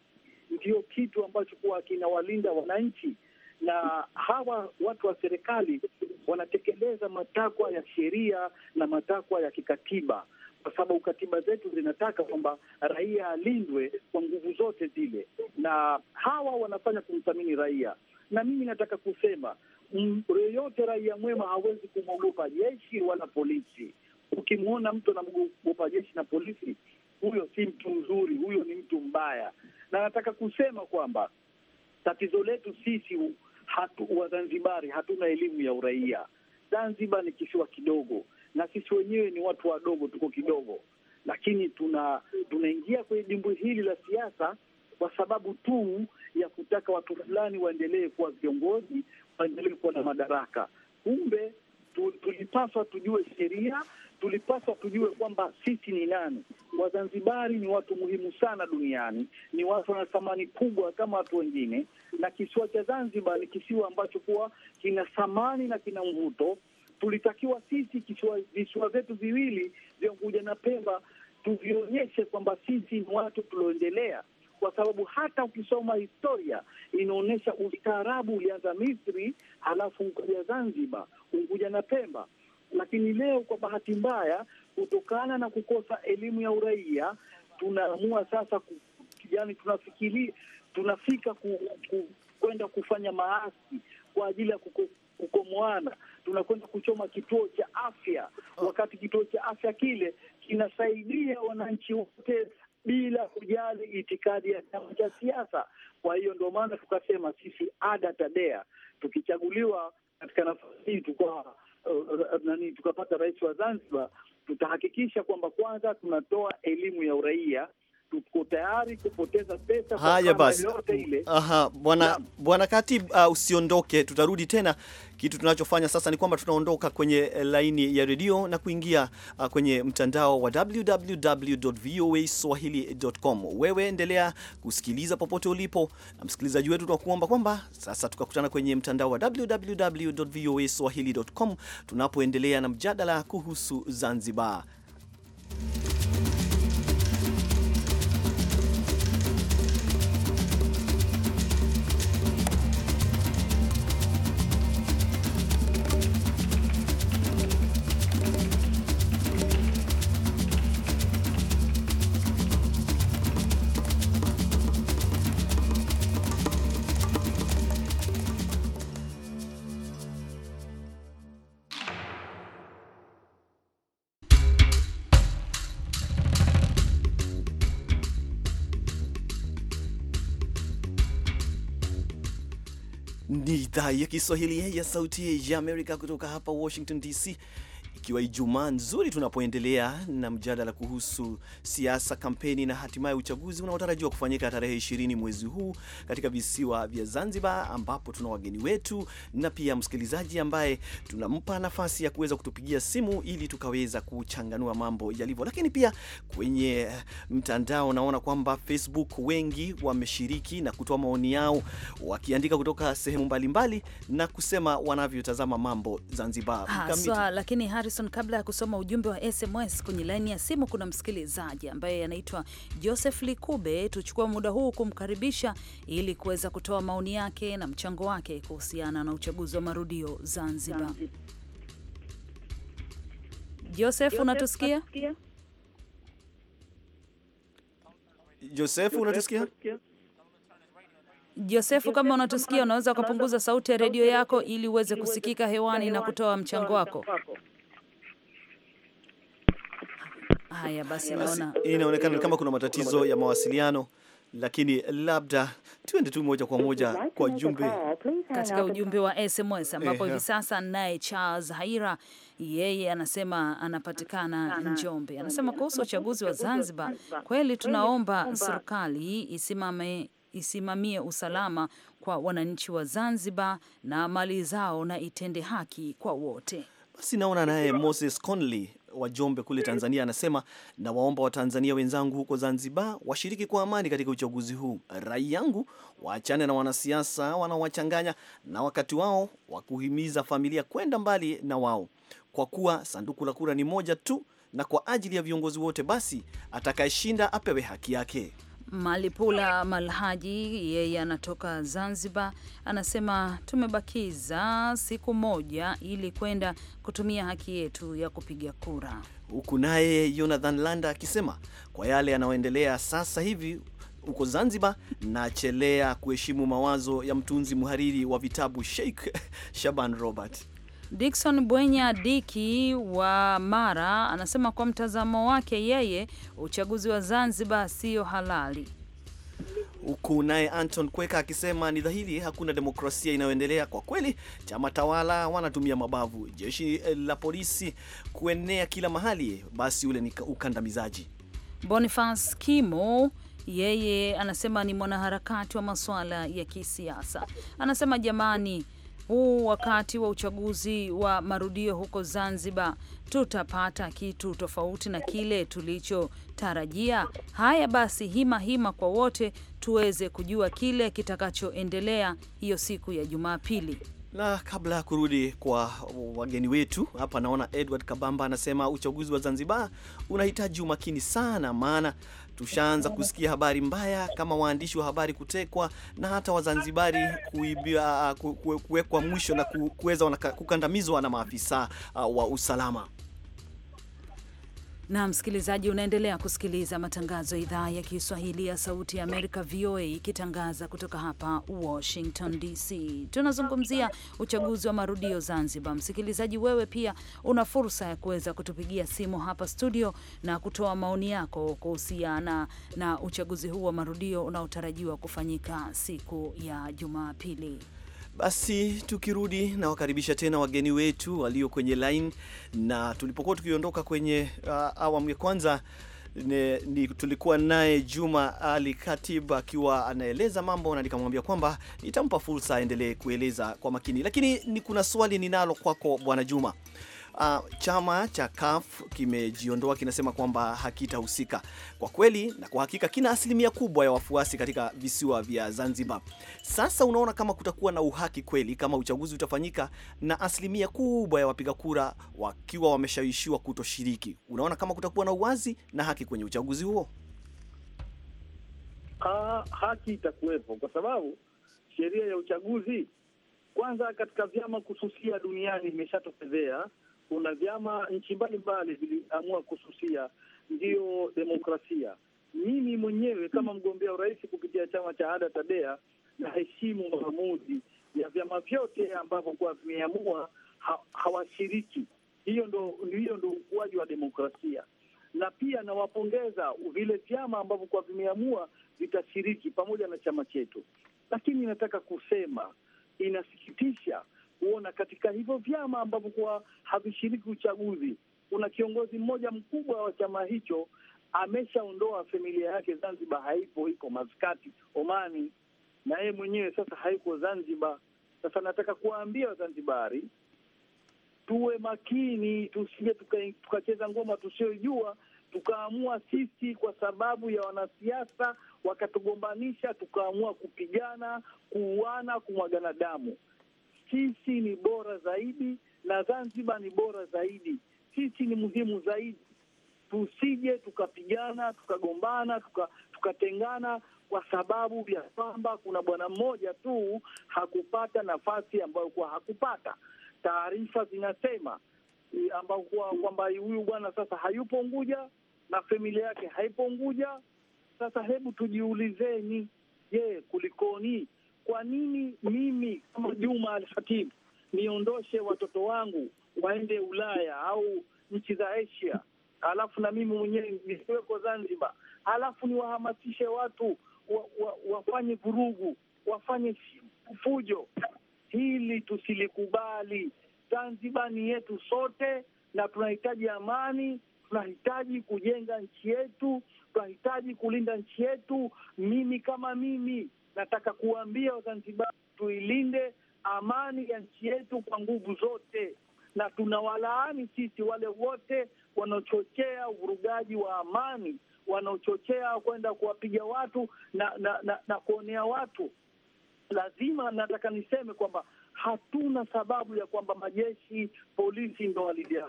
ndiyo kitu ambacho kuwa kinawalinda wananchi, na hawa watu wa serikali wanatekeleza matakwa ya sheria na matakwa ya kikatiba kwa sababu katiba zetu zinataka kwamba raia alindwe kwa nguvu zote zile, na hawa wanafanya kumthamini raia. Na mimi nataka kusema mm, yoyote, raia mwema hawezi kumwogopa jeshi wala polisi. Ukimwona mtu anamwogopa jeshi na polisi, huyo si mtu mzuri, huyo ni mtu mbaya. Na nataka kusema kwamba tatizo letu sisi hatu, Wazanzibari hatuna elimu ya uraia. Zanzibar ni kisiwa kidogo na sisi wenyewe ni watu wadogo, tuko kidogo, lakini tuna tunaingia kwenye dimbwi hili la siasa kwa sababu tu ya kutaka watu fulani waendelee kuwa viongozi, waendelee kuwa na madaraka. Kumbe tulipaswa tujue sheria, tulipaswa tujue kwamba sisi ni nani. Wazanzibari ni watu muhimu sana duniani, ni watu wana thamani kubwa kama watu wengine, na kisiwa cha Zanzibar ni kisiwa ambacho kuwa kina thamani na kina mvuto tulitakiwa sisi visiwa vyetu viwili vya Unguja na Pemba tuvionyeshe kwamba sisi ni watu tulioendelea, kwa sababu hata ukisoma historia inaonyesha ustaarabu ulianza Misri, halafu ukaja Zanzibar, Unguja na Pemba. Lakini leo kwa bahati mbaya, kutokana na kukosa elimu ya uraia, tunaamua sasa ku, yani tunafikiri tunafika ku, ku, kwenda kufanya maasi kwa ajili ya huko Mwana, tunakwenda kuchoma kituo cha afya, wakati kituo cha afya kile kinasaidia wananchi wote bila kujali itikadi ya chama cha siasa. Kwa hiyo ndio maana tukasema sisi ada tadea, tukichaguliwa katika nafasi hii tukwa uh, uh, nani tukapata rais wa Zanzibar, tutahakikisha kwamba kwanza tunatoa elimu ya uraia tuko tayari kupoteza pesa. Haya basi, aha, bwana bwana uh, usiondoke, tutarudi tena. Kitu tunachofanya sasa ni kwamba tunaondoka kwenye eh, laini ya redio na kuingia uh, kwenye mtandao wa www.voaswahili.com. Wewe endelea kusikiliza popote ulipo, na msikilizaji wetu tunakuomba kwamba sasa tukakutana kwenye mtandao wa www.voaswahili.com tunapoendelea na mjadala kuhusu Zanzibar. Ni idhaa ya Kiswahili ya Sauti ya Amerika kutoka hapa Washington DC ikiwa Ijumaa nzuri tunapoendelea na mjadala kuhusu siasa, kampeni na hatimaye uchaguzi unaotarajiwa kufanyika tarehe ishirini mwezi huu katika visiwa vya Zanzibar, ambapo tuna wageni wetu na pia msikilizaji ambaye tunampa nafasi ya kuweza kutupigia simu ili tukaweza kuchanganua mambo yalivyo. Lakini pia kwenye mtandao naona kwamba Facebook wengi wameshiriki na kutoa maoni yao wakiandika kutoka sehemu mbalimbali mbali, na kusema wanavyotazama mambo Zanzibar. Ha, Harrison, kabla ya kusoma ujumbe wa SMS kwenye laini ya simu, kuna msikilizaji ambaye anaitwa Joseph Likube. Tuchukua muda huu kumkaribisha ili kuweza kutoa maoni yake na mchango wake kuhusiana na uchaguzi wa marudio Zanzibar. Zanzibar. Joseph, unatusikia? Joseph, unatusikia? Josefu, kama unatusikia unaweza ukapunguza sauti ya redio yako ili uweze kusikika hewani na kutoa mchango wako. Haya basi, naona inaonekana kama kuna matatizo ya mawasiliano, lakini labda tuende tu moja kwa moja kwa jumbe katika ujumbe wa SMS ambapo hivi sasa naye Charles Haira yeye anasema anapatikana Njombe, anasema kuhusu uchaguzi wa Zanzibar, kweli tunaomba serikali isimame isimamie usalama kwa wananchi wa Zanzibar na mali zao na itende haki kwa wote. Basi naona naye Moses Conley wa Jombe kule Tanzania anasema, na waomba Watanzania wenzangu huko Zanzibar washiriki kwa amani katika uchaguzi huu. Rai yangu waachane na wanasiasa wanaowachanganya na wakati wao wa kuhimiza familia kwenda mbali na wao, kwa kuwa sanduku la kura ni moja tu, na kwa ajili ya viongozi wote, basi atakayeshinda apewe haki yake. Malipula Malhaji, yeye anatoka Zanzibar, anasema tumebakiza siku moja ili kwenda kutumia haki yetu ya kupiga kura, huku naye Jonathan Landa akisema kwa yale yanayoendelea sasa hivi huko Zanzibar nachelea kuheshimu mawazo ya mtunzi mhariri wa vitabu Sheikh Shaban Robert. Dickson Bwenya Diki wa Mara anasema kwa mtazamo wake yeye uchaguzi wa Zanzibar sio halali huku naye Anton Kweka akisema ni dhahiri hakuna demokrasia inayoendelea kwa kweli. Chama tawala wanatumia mabavu, jeshi eh, la polisi kuenea kila mahali, basi ule ni ukandamizaji. Boniface Kimo yeye anasema ni mwanaharakati wa masuala ya kisiasa, anasema jamani, huu wakati wa uchaguzi wa marudio huko Zanzibar tutapata kitu tofauti na kile tulichotarajia? Haya basi, hima hima kwa wote tuweze kujua kile kitakachoendelea hiyo siku ya Jumapili na kabla ya kurudi kwa wageni wetu hapa, naona Edward Kabamba anasema uchaguzi wa Zanzibar unahitaji umakini sana, maana Tushaanza kusikia habari mbaya kama waandishi wa habari kutekwa na hata Wazanzibari kuwekwa mwisho na kuweza kukandamizwa na maafisa wa usalama. Na msikilizaji, unaendelea kusikiliza matangazo ya idhaa ya Kiswahili ya Sauti ya Amerika, VOA, ikitangaza kutoka hapa Washington DC. Tunazungumzia uchaguzi wa marudio Zanzibar. Msikilizaji, wewe pia una fursa ya kuweza kutupigia simu hapa studio na kutoa maoni yako kuhusiana na uchaguzi huu wa marudio unaotarajiwa kufanyika siku ya Jumapili. Basi tukirudi na wakaribisha tena wageni wetu walio kwenye line, na tulipokuwa tukiondoka kwenye uh, awamu ya kwanza ne, ni, tulikuwa naye Juma Ali Katib akiwa anaeleza mambo na nikamwambia kwamba nitampa fursa aendelee kueleza kwa makini, lakini ni kuna swali ninalo kwako Bwana Juma uh, chama cha CAF kimejiondoa, kinasema kwamba hakitahusika. Kwa kweli na kwa hakika kina asilimia kubwa ya wafuasi katika visiwa vya Zanzibar. Sasa unaona kama kutakuwa na uhaki kweli kama uchaguzi utafanyika na asilimia kubwa ya wapiga kura wakiwa wameshawishiwa kutoshiriki? Unaona kama kutakuwa na uwazi na haki kwenye uchaguzi huo? Ha, ah, haki itakuwepo kwa sababu sheria ya uchaguzi kwanza katika vyama kususia duniani imeshatokezea kuna vyama nchi mbalimbali viliamua kususia, ndiyo demokrasia. Mimi mwenyewe kama mgombea urais kupitia chama cha ADA TADEA naheshimu maamuzi ya vyama vyote ambavyo kuwa vimeamua hawashiriki. Hiyo ndo hiyo ndo ukuaji wa demokrasia, na pia nawapongeza vile vyama ambavyo kuwa vimeamua vitashiriki pamoja na chama chetu, lakini nataka kusema inasikitisha kuona katika hivyo vyama ambavyo kuwa havishiriki uchaguzi, kuna kiongozi mmoja mkubwa wa chama hicho ameshaondoa familia yake Zanzibar, haipo iko Maskati, Omani, na yeye mwenyewe sasa haiko Zanzibar. Sasa nataka kuwaambia Wazanzibari tuwe makini, tusije tukacheza tuka ngoma tusiyojua tukaamua sisi kwa sababu ya wanasiasa wakatugombanisha, tukaamua kupigana, kuuana, kumwagana damu sisi ni bora zaidi na Zanzibar ni bora zaidi, sisi ni muhimu zaidi. Tusije tukapigana tukagombana tukatengana tuka kwa sababu ya kwamba kuna bwana mmoja tu hakupata nafasi ambayo kuwa hakupata. Taarifa zinasema e, ambao kuwa kwamba huyu bwana sasa hayupo Unguja na familia yake haipo Unguja. Sasa hebu tujiulizeni, je, kulikoni? kwa nini mimi kama Juma Alkhatibu niondoshe watoto wangu waende Ulaya au nchi za Asia, alafu na mimi mwenyewe nisiweko Zanzibar, alafu niwahamasishe watu wa, wa, wafanye vurugu, wafanye fujo? Hili tusilikubali. Zanzibar ni yetu sote, na tunahitaji amani, tunahitaji kujenga nchi yetu, tunahitaji kulinda nchi yetu. Mimi kama mimi Nataka kuwaambia Wazanzibari tuilinde amani ya nchi yetu kwa nguvu zote, na tunawalaani sisi wale wote wanaochochea uvurugaji wa amani, wanaochochea kwenda kuwapiga watu na, na, na, na kuonea watu. Lazima nataka niseme kwamba hatuna sababu ya kwamba majeshi polisi ndo walidia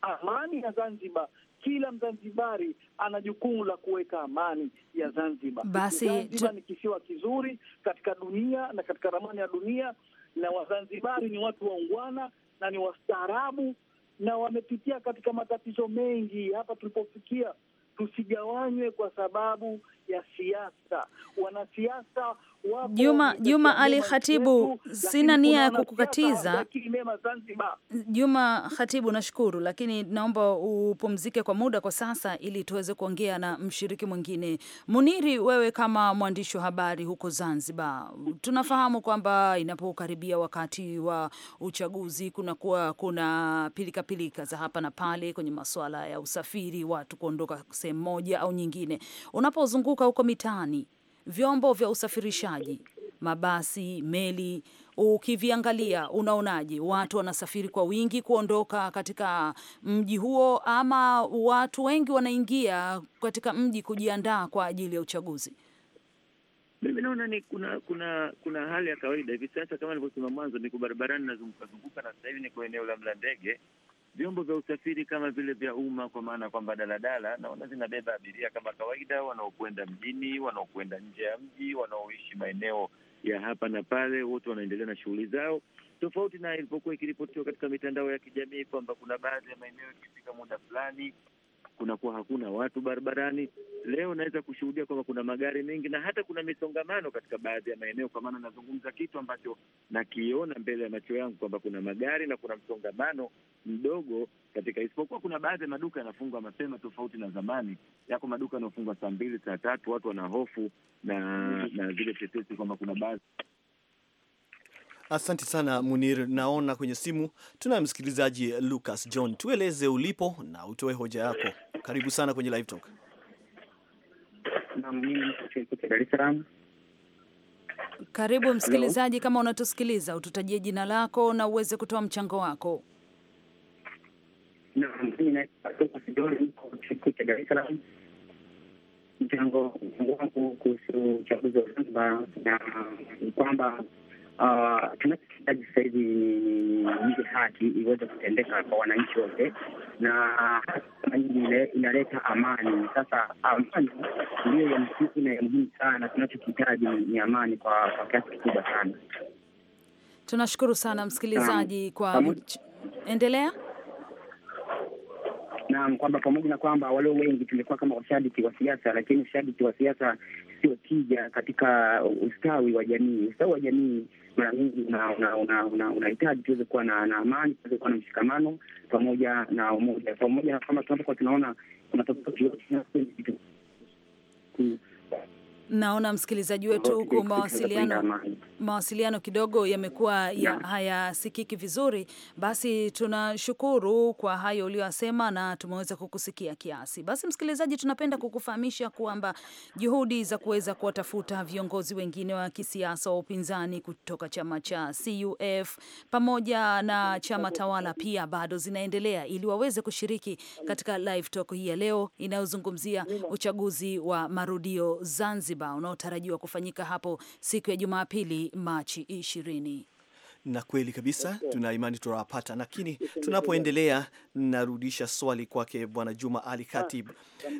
Amani ya Zanzibar kila Mzanzibari ana jukumu la kuweka amani ya Zanzibar. Basi Zanzibar ni kisiwa kizuri katika dunia na katika ramani ya dunia, na Wazanzibari ni watu waungwana na ni wastaarabu na wamepitia katika matatizo mengi hapa tulipofikia. Tusigawanywe kwa sababu ya siasa. Wanasiasa Juma Juma Ali Khatibu, sina nia ya kukukatiza Juma Khatibu, nashukuru, lakini naomba upumzike kwa muda kwa sasa, ili tuweze kuongea na mshiriki mwingine. Muniri, wewe kama mwandishi wa habari huko Zanzibar, tunafahamu kwamba inapokaribia wakati wa uchaguzi kunakuwa kuna pilika pilika za hapa na pale kwenye masuala ya usafiri, watu kuondoka sehemu moja au nyingine. Unapozunguka kuzunguka huko mitaani, vyombo vya usafirishaji, mabasi, meli, ukiviangalia unaonaje? Watu wanasafiri kwa wingi kuondoka katika mji huo, ama watu wengi wanaingia katika mji kujiandaa kwa ajili ya uchaguzi? Mimi naona ni kuna kuna kuna hali ya kawaida hivi sasa, kama nilivyosema mwanzo, niko barabarani nazunguka zunguka, na sasa hivi niko eneo la Mlandege vyombo vya usafiri kama vile vya umma, kwa maana ya kwamba daladala naona zinabeba abiria kama kawaida, wanaokwenda mjini, wanaokwenda nje ya mji, wanaoishi maeneo ya hapa na pale, wote wanaendelea na shughuli zao, tofauti na ilipokuwa ikiripotiwa katika mitandao ya kijamii kwamba kuna baadhi ya maeneo ikifika muda fulani kunakuwa hakuna watu barabarani. Leo naweza kushuhudia kwamba kuna magari mengi na hata kuna misongamano katika baadhi ya maeneo, kwa maana nazungumza kitu ambacho nakiona mbele ya macho yangu kwamba kuna magari na kuna msongamano mdogo katika, isipokuwa kuna baadhi ya maduka yanafungwa mapema, tofauti na zamani. Yako maduka yanayofungwa saa mbili, saa tatu, watu wanahofu na na zile tetesi kwamba kuna baadhi Asante sana Munir. Naona kwenye simu tunaye msikilizaji Lucas John, tueleze ulipo na utoe hoja yako. Karibu sana kwenye live talk. Karibu msikilizaji, kama unatusikiliza ututajie jina lako na uweze kutoa mchango wako. Mchango wangu kuhusu uchaguzi wa Zanzibar na kwamba Tunachohitaji sasa hivi ni haki iweze kutendeka kwa wananchi wote, na hii inaleta amani. Sasa amani ndiyo ya msingi na ya muhimu sana. Tunachokihitaji ni amani kwa kiasi kikubwa sana. Tunashukuru sana msikilizaji kwa endelea Naam, kwamba pamoja na kwamba walio wengi tumekuwa kama washabiki wa siasa, lakini ushabiki wa siasa sio tija katika ustawi wa jamii. Ustawi wa jamii mara nyingi unahitaji tuweze kuwa na amani, tuweze kuwa na mshikamano pamoja na umoja, pamoja na kwamba tunapokuwa tunaona kuna tofauti yote Naona msikilizaji wetu huku mawasiliano mawasiliano kidogo yamekuwa ya, hayasikiki vizuri. Basi tunashukuru kwa hayo uliyosema na tumeweza kukusikia kiasi. Basi msikilizaji, tunapenda kukufahamisha kwamba juhudi za kuweza kuwatafuta viongozi wengine wa kisiasa wa upinzani kutoka chama cha CUF pamoja na chama tawala pia bado zinaendelea ili waweze kushiriki katika live talk hii ya leo inayozungumzia uchaguzi wa marudio Zanzibar Zanzibar unaotarajiwa kufanyika hapo siku ya Jumapili, Machi ishirini. Na kweli kabisa, tuna imani tunawapata, lakini tunapoendelea, narudisha swali kwake Bwana Juma Ali ah, Khatib.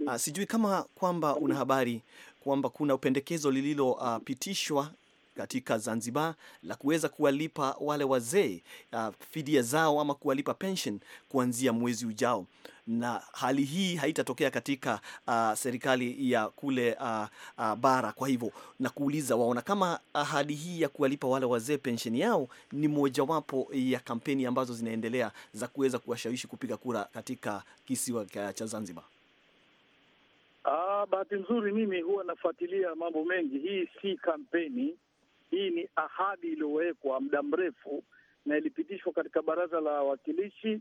Uh, sijui kama kwamba una habari kwamba kuna upendekezo lililopitishwa uh, katika Zanzibar la kuweza kuwalipa wale wazee uh, fidia zao ama kuwalipa pension kuanzia mwezi ujao na hali hii haitatokea katika uh, serikali ya kule uh, uh, bara. Kwa hivyo na kuuliza, waona kama ahadi hii ya kuwalipa wale wazee pensheni yao ni mojawapo ya kampeni ambazo zinaendelea za kuweza kuwashawishi kupiga kura katika kisiwa cha Zanzibar? Ah, bahati nzuri mimi huwa nafuatilia mambo mengi. Hii si kampeni, hii ni ahadi iliyowekwa muda mrefu na ilipitishwa katika baraza la wawakilishi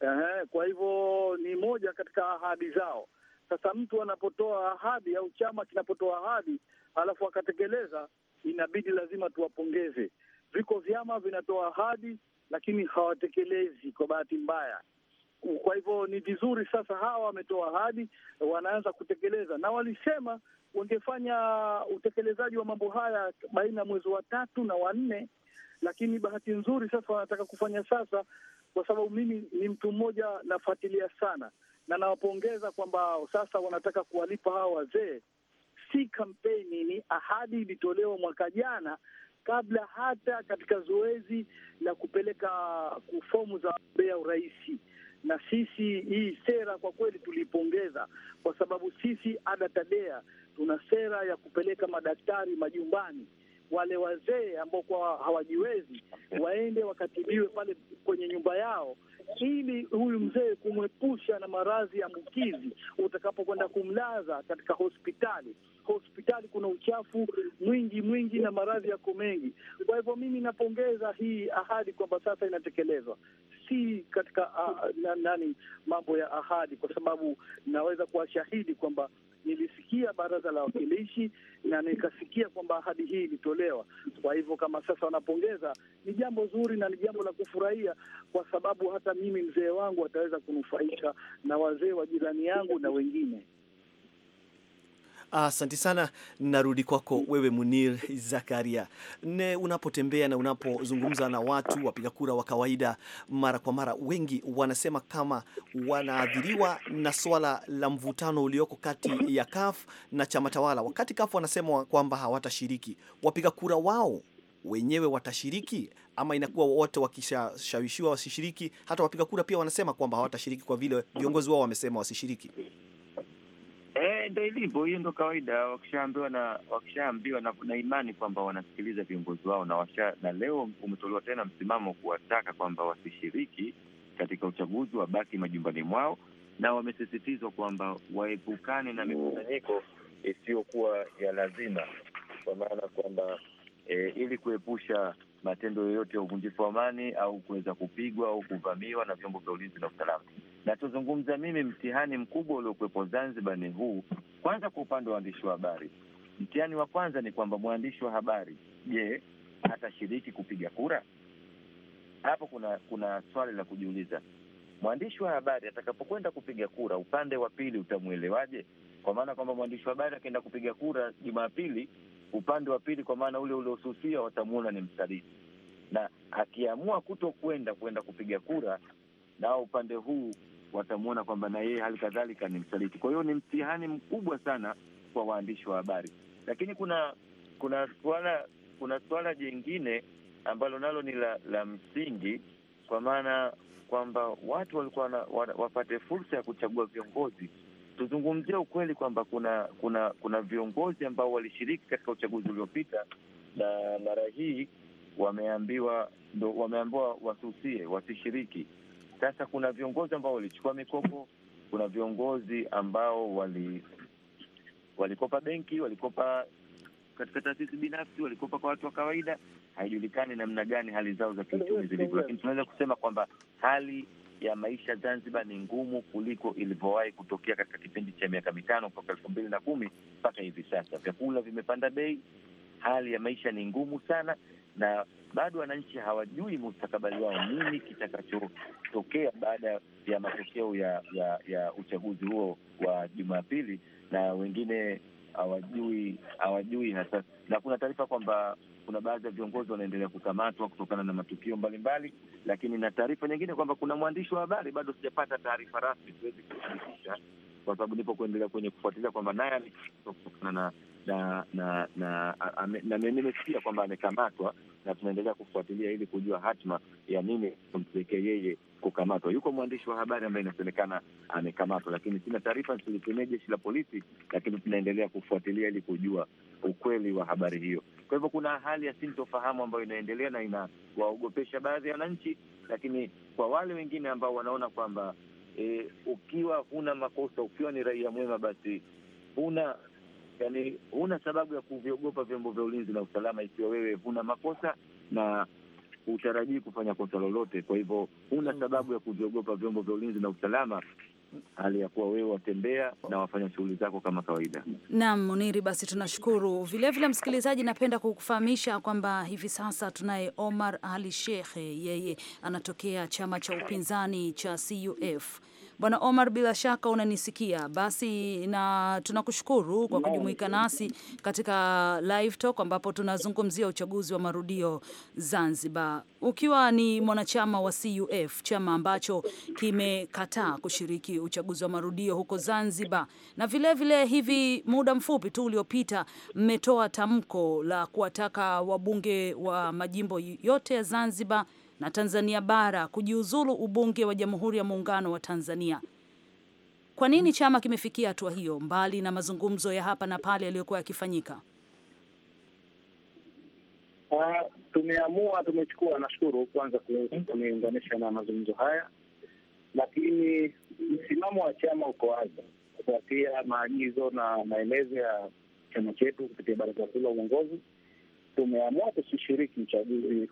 Ehe, kwa hivyo ni moja katika ahadi zao. Sasa mtu anapotoa ahadi au chama kinapotoa ahadi alafu akatekeleza, inabidi lazima tuwapongeze. Viko vyama vinatoa ahadi lakini hawatekelezi kwa bahati mbaya. Kwa hivyo ni vizuri sasa, hawa wametoa ahadi, wanaanza kutekeleza, na walisema wangefanya utekelezaji wa mambo haya baina ya mwezi wa tatu na wanne lakini bahati nzuri sasa wanataka kufanya sasa, kwa sababu mimi ni mtu mmoja nafuatilia sana na nawapongeza kwamba sasa wanataka kuwalipa hawa wazee. Si kampeni, ni ahadi ilitolewa mwaka jana, kabla hata katika zoezi la kupeleka fomu za wagombea urais. Na sisi hii sera kwa kweli tuliipongeza, kwa sababu sisi ADA TADEA tuna sera ya kupeleka madaktari majumbani wale wazee ambao kwa hawajiwezi waende wakatibiwe pale kwenye nyumba yao ili huyu mzee kumwepusha na maradhi ya ambukizi utakapokwenda kumlaza katika hospitali. Hospitali kuna uchafu mwingi mwingi na maradhi yako mengi. Kwa hivyo mimi napongeza hii ahadi kwamba sasa inatekelezwa, si katika ah, a, nani mambo ya ahadi, kwa sababu naweza kuwashahidi kwamba nilisikia baraza la wakilishi na nikasikia kwamba ahadi hii ilitolewa. Kwa hivyo kama sasa wanapongeza, ni jambo zuri na ni jambo la kufurahia, kwa sababu hata mimi mzee wangu ataweza kunufaika na wazee wa jirani yangu na wengine. Asante ah, sana. Narudi kwako wewe Munir Zakaria ne, unapotembea na unapozungumza na watu wapiga kura wa kawaida, mara kwa mara, wengi wanasema kama wanaathiriwa na swala la mvutano ulioko kati ya CUF na chama tawala, wakati CUF wanasema kwamba hawatashiriki wapiga kura wao wenyewe watashiriki ama inakuwa wote wakishashawishiwa wasishiriki? Hata wapiga kura pia wanasema kwamba hawatashiriki kwa vile viongozi wao wamesema wasishiriki. E, ilivyo hiyo, ndo kawaida. Wakishaambiwa na wakishaambiwa na, na imani kwamba wanasikiliza viongozi wao na washa, na leo umetolewa tena msimamo kuwataka kwamba wasishiriki katika uchaguzi, wabaki majumbani mwao, na wamesisitizwa kwamba waepukane na mikusanyiko isiyokuwa ya lazima, kwa maana kwamba e, ili kuepusha matendo yoyote ya uvunjifu wa amani au kuweza kupigwa au kuvamiwa na vyombo vya ulinzi na usalama. Nachozungumza mimi, mtihani mkubwa uliokuwepo Zanzibar ni huu. Kwanza, kwa upande wa waandishi wa habari, mtihani wa kwanza ni kwamba mwandishi wa habari, je, atashiriki kupiga kura? Hapo kuna kuna swali la kujiuliza. Mwandishi wa habari atakapokwenda kupiga kura, upande wa pili utamwelewaje? Kwa maana kwamba mwandishi wa habari akienda kupiga kura Jumapili, upande wa pili, kwa maana ule uliosusia, watamuona ni msaliti, na akiamua kuto kwenda kwenda kupiga kura, nao upande huu watamwona kwamba na yeye hali kadhalika ni msaliti. Kwa hiyo ni mtihani mkubwa sana kwa waandishi wa habari, lakini kuna kuna suala kuna suala jingine ambalo nalo ni la, la msingi kwa maana kwamba watu walikuwa wapate fursa ya kuchagua viongozi tuzungumzie ukweli kwamba kuna kuna kuna viongozi ambao walishiriki katika uchaguzi uliopita na mara hii wameambiwa ndo wameambiwa wasusie, wasishiriki. Sasa kuna viongozi ambao walichukua mikopo, kuna viongozi ambao wali walikopa benki, walikopa katika taasisi binafsi, walikopa kwa watu wa kawaida. Haijulikani namna gani hali zao za kiuchumi zilivyo, lakini tunaweza kusema kwamba hali ya maisha Zanzibar ni ngumu kuliko ilivyowahi kutokea katika kipindi cha miaka mitano kutoka elfu mbili na kumi mpaka hivi sasa. Vyakula vimepanda bei, hali ya maisha ni ngumu sana, na bado wananchi hawajui mustakabali wao, nini kitakachotokea baada ya matokeo ya, ya, ya uchaguzi huo wa Jumapili, na wengine hawajui hawajui hasa, na kuna taarifa kwamba kuna baadhi ya viongozi wanaendelea kukamatwa kutokana na matukio mbalimbali mbali, lakini na taarifa nyingine kwamba kuna mwandishi wa habari bado sijapata taarifa rasmi, siwezi kuthibitisha kwa sababu nipo kuendelea kwenye kufuatilia kwamba naye kutokana na na na na, na nimesikia kwamba amekamatwa na tunaendelea kufuatilia ili kujua hatima ya nini kumpelekea yeye kukamatwa. Yuko mwandishi wa habari ambaye inasemekana amekamatwa, lakini sina taarifa tulitumia jeshi la polisi, lakini tunaendelea kufuatilia ili kujua ukweli wa habari hiyo. Kwa hivyo kuna hali ya sintofahamu ambayo inaendelea na inawaogopesha baadhi ya wananchi, lakini kwa wale wengine ambao wanaona kwamba e, ukiwa huna makosa, ukiwa ni raia mwema, basi huna yani, huna sababu ya kuviogopa vyombo vya ulinzi na usalama, ikiwa wewe huna makosa na hutarajii kufanya kosa lolote. Kwa hivyo huna mm. sababu ya kuviogopa vyombo vya ulinzi na usalama hali ya kuwa wewe watembea na wafanya shughuli zako kama kawaida. Naam, Muniri, basi tunashukuru vilevile. Msikilizaji, napenda kukufahamisha kwamba hivi sasa tunaye Omar Ali Sheikh, yeye anatokea chama cha upinzani cha CUF Bwana Omar, bila shaka unanisikia. Basi na tunakushukuru kwa kujumuika nasi katika live talk, ambapo tunazungumzia uchaguzi wa marudio Zanzibar, ukiwa ni mwanachama wa CUF, chama ambacho kimekataa kushiriki uchaguzi wa marudio huko Zanzibar, na vilevile vile hivi muda mfupi tu uliopita mmetoa tamko la kuwataka wabunge wa majimbo yote ya Zanzibar na Tanzania bara kujiuzulu ubunge wa Jamhuri ya Muungano wa Tanzania. Kwa nini chama kimefikia hatua hiyo mbali na mazungumzo ya hapa na pale yaliyokuwa yakifanyika? Ah, tumeamua, tumechukua, nashukuru kwanza kumeunganisha na mazungumzo haya, lakini msimamo wa chama uko wazi kufuatia maagizo na maelezo ya chama chetu kupitia baraza kuu la uongozi tumeamua tusishiriki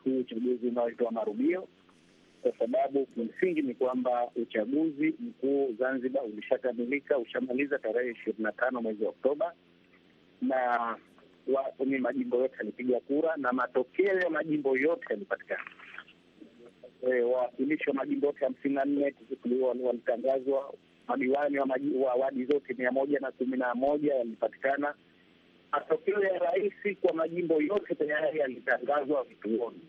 huu uchaguzi unaoitwa marudio kwa sababu kimsingi ni kwamba uchaguzi mkuu Zanzibar ulishakamilika, ushamaliza tarehe ishirini na tano mwezi wa Oktoba na wenye majimbo yote yalipiga kura na matokeo ya majimbo yote yalipatikana. E, wawakilishi wa majimbo yote hamsini na nne walitangazwa, madiwani wa wadi zote mia moja na kumi na moja yalipatikana matokeo ya rais kwa majimbo yote tayari yalitangazwa vituoni,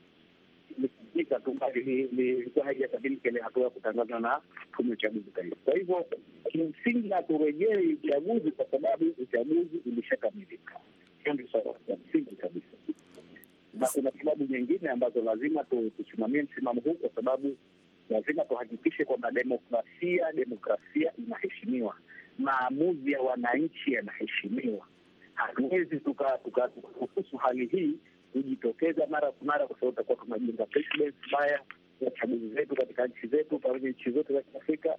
ilifanyika tu, bali ilikuwa haijakamilika ile hatua ya kutangazwa na tume uchaguzi taifa. Kwa hivyo kimsingi haturejei uchaguzi kwa sababu uchaguzi ulishakamilika. Hiyo ndio sababu ya msingi kabisa, na kuna sababu nyingine ambazo lazima tusimamie msimamo huu kwa sababu lazima tuhakikishe kwamba demokrasia demokrasia inaheshimiwa, maamuzi ya wananchi yanaheshimiwa hatuwezi tukaruhusu hali hii kujitokeza mara kwa mara, kwa sababu tutakuwa tunajenga precedence mbaya ya chaguzi zetu katika nchi zetu pamoja nchi zote za Kiafrika.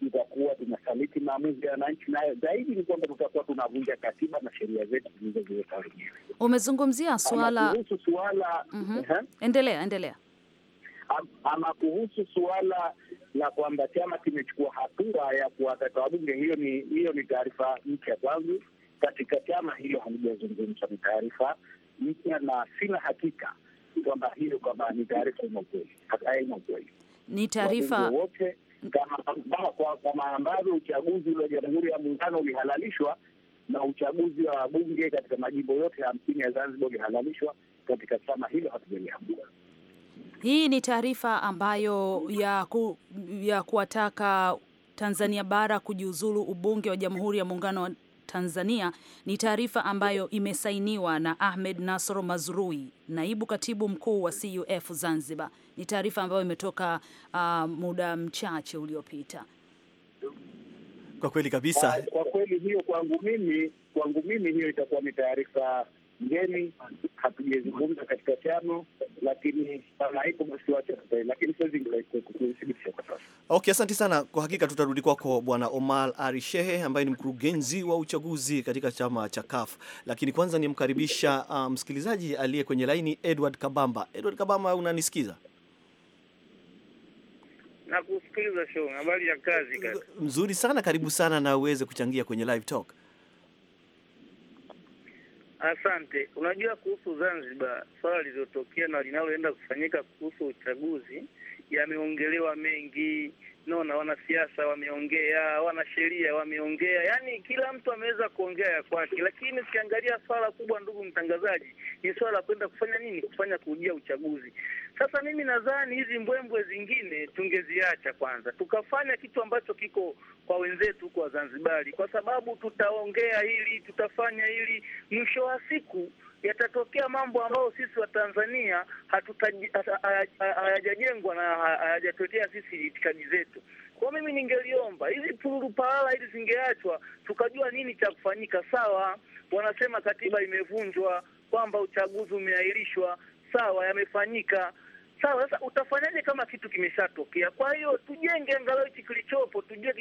Tutakuwa tunasaliti maamuzi ya wananchi, nayo zaidi ni kwamba tutakuwa tunavunja katiba na sheria zetu zilizoziweka wenyewe. Umezungumzia swala kuhusu suala mm -hmm. uh -huh. Endelea, endelea ama kuhusu suala la kwamba chama kimechukua hatua ya kuwataka wabunge, hiyo ni hiyo ni taarifa mpya kwangu, katika chama hilo halijazungumza. Ni taarifa mpya na sina hakika kwamba hiyo kwamba ni taarifa ina ukweli, haina ukweli. Ni taarifa wote kama ambavyo uchaguzi wa Jamhuri ya Muungano ulihalalishwa na uchaguzi wa bunge katika majimbo yote hamsini ya Zanzibar ulihalalishwa, katika chama hilo hatujaliambua. Hii ni taarifa ambayo ya, ku, ya kuwataka Tanzania bara kujiuzulu ubunge wa Jamhuri ya Muungano Tanzania ni taarifa ambayo imesainiwa na Ahmed Nasor Mazrui, naibu katibu mkuu wa CUF Zanzibar. Ni taarifa ambayo imetoka uh, muda mchache uliopita. Kwa kweli kabisa, kwa, kwa kweli hiyo kwangu mimi, kwangu mimi hiyo itakuwa ni taarifa mgeni, hatujazungumza katika chama, lakini anaipo basi wacha, lakini siwezi kuithibitisha kwa sasa. Okay, asante sana. Kwa hakika tutarudi kwako Bwana Omar Ari Shehe ambaye ni mkurugenzi wa uchaguzi katika chama cha CUF, lakini kwanza nimkaribisha uh, msikilizaji um, aliye kwenye laini Edward Kabamba. Edward Kabamba, unanisikiza? Nakusikiliza. Habari ya kazi kaka? Mzuri sana, karibu sana na uweze kuchangia kwenye live talk. Asante. Unajua, kuhusu Zanzibar, swala lililotokea na linaloenda kufanyika kuhusu uchaguzi yameongelewa mengi. Naona wanasiasa wameongea, wanasheria wameongea, yani kila mtu ameweza kuongea ya kwake, lakini ukiangalia swala kubwa, ndugu mtangazaji, ni swala la kwenda kufanya nini? Kufanya kurudia uchaguzi. Sasa mimi nadhani hizi mbwembwe zingine tungeziacha kwanza, tukafanya kitu ambacho kiko kwa wenzetu huko Wazanzibari, kwa sababu tutaongea hili, tutafanya hili, mwisho wa siku yatatokea mambo ambayo sisi wa Tanzania hayajajengwa na hayajatokea sisi itikadi zetu. Kwa mimi ningeliomba hizi pururu palala hizi zingeachwa, tukajua nini cha kufanyika. Sawa, wanasema katiba imevunjwa, kwamba uchaguzi umeahirishwa, sawa, yamefanyika Sawa, sasa utafanyaje kama kitu kimeshatokea? Kwa hiyo tujenge angalau hichi kilichopo, tujue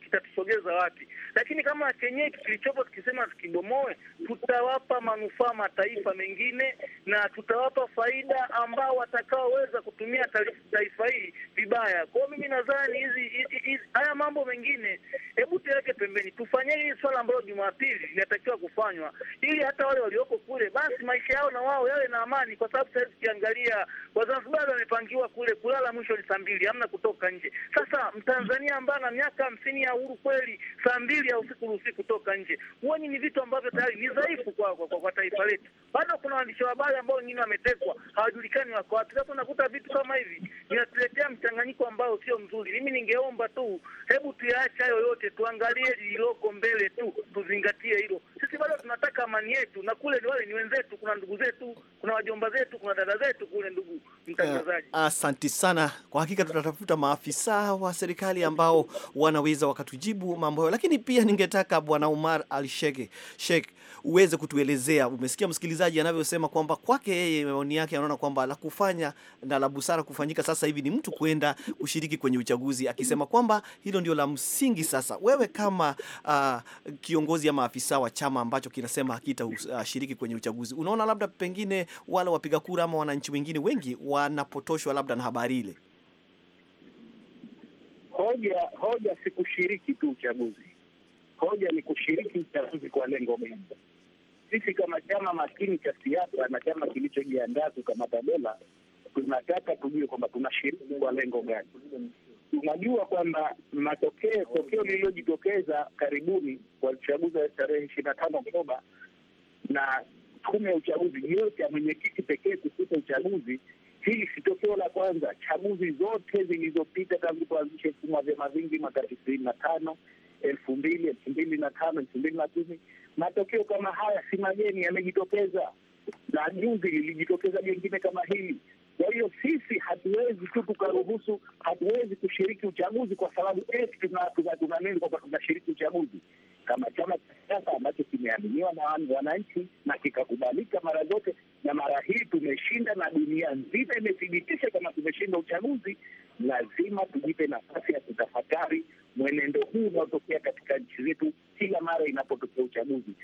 kitatusogeza wapi, lakini kama chenye hiki kilichopo tukisema tukibomoe, tutawapa manufaa mataifa mengine na tutawapa faida ambao watakaoweza kutumia taifa hili vibaya. Kwa hiyo mimi nadhani hizi haya mambo mengine, hebu tuweke pembeni, tufanye hili swala ambalo Jumapili linatakiwa kufanywa, ili hata wale walioko kule basi maisha yao na wao yawe na amani, kwa sababu sasa tukiangalia kwa bado amepangiwa kule kulala, mwisho ni saa mbili, hamna kutoka nje. Sasa mtanzania ambaye ana miaka hamsini ya uhuru kweli, saa mbili ya usiku ruhusi kutoka nje? Huoni ni vitu ambavyo tayari ni dhaifu kwa, kwa, kwa, kwa taifa letu. Bado kuna waandishi wa habari ambao wengine wametekwa, hawajulikani wako wapi. Sasa unakuta vitu kama hivi vinatuletea mchanganyiko ambao sio mzuri. Mimi ningeomba tu, hebu tuyaache hayo yote, tuangalie lililoko mbele tu, tuzingatie hilo. Sisi bado tunataka amani yetu, na kule ni wale ni wenzetu, kuna ndugu zetu, kuna wajomba zetu, kuna dada zetu kule ndugu mtangazaji. Eh, asanti sana kwa hakika, tutatafuta maafisa wa serikali ambao wanaweza wakatujibu mambo hayo, lakini pia ningetaka Bwana Umar Al Sheikh Sheikh uweze kutuelezea. Umesikia msikilizaji anavyosema kwamba kwake yeye, maoni yake, anaona kwamba la kufanya na la busara kufanyika sasa hivi ni mtu kuenda kushiriki kwenye uchaguzi, akisema kwamba hilo ndio la msingi. Sasa wewe kama uh, kiongozi ama afisa wa chama ambacho kinasema hakitashiriki ah, uh, kwenye uchaguzi, unaona labda pengine wale wapiga kura ama wananchi wengine wengi wa wanapotoshwa labda na habari ile? Hoja hoja si kushiriki tu uchaguzi, hoja ni kushiriki uchaguzi kwa lengo gani? Sisi kama chama makini cha siasa na chama kilichojiandaa kukamata dola, tunataka tujue kwamba tunashiriki kwa lengo gani. Tunajua kwamba matokeo tokeo lililojitokeza karibuni kwa uchaguzi wa tarehe ishirini na tano Oktoba na tume ya uchaguzi yote ya mwenyekiti pekee kusuta uchaguzi Hili si tokeo la kwanza. Chaguzi zote zilizopita tangu kuanzisha vifuma vyama vingi mwaka tisini na tano elfu mbili elfu mbili na tano elfu mbili na kumi matokeo kama haya si mageni, yamejitokeza na juzi lilijitokeza jengine kama hili. Kwa hiyo sisi hatuwezi tu tukaruhusu, hatuwezi kushiriki uchaguzi kwa sababu eti tunatunaamini kwamba tunashiriki uchaguzi kama chama cha siasa ambacho kimeaminiwa na wananchi na kikakubalika mara zote, na mara hii tumeshinda na dunia nzima imethibitisha kama tumeshinda uchaguzi. Lazima tujipe nafasi ya kutafakari mwenendo huu unaotokea katika nchi zetu kila mara inapotokea uchaguzi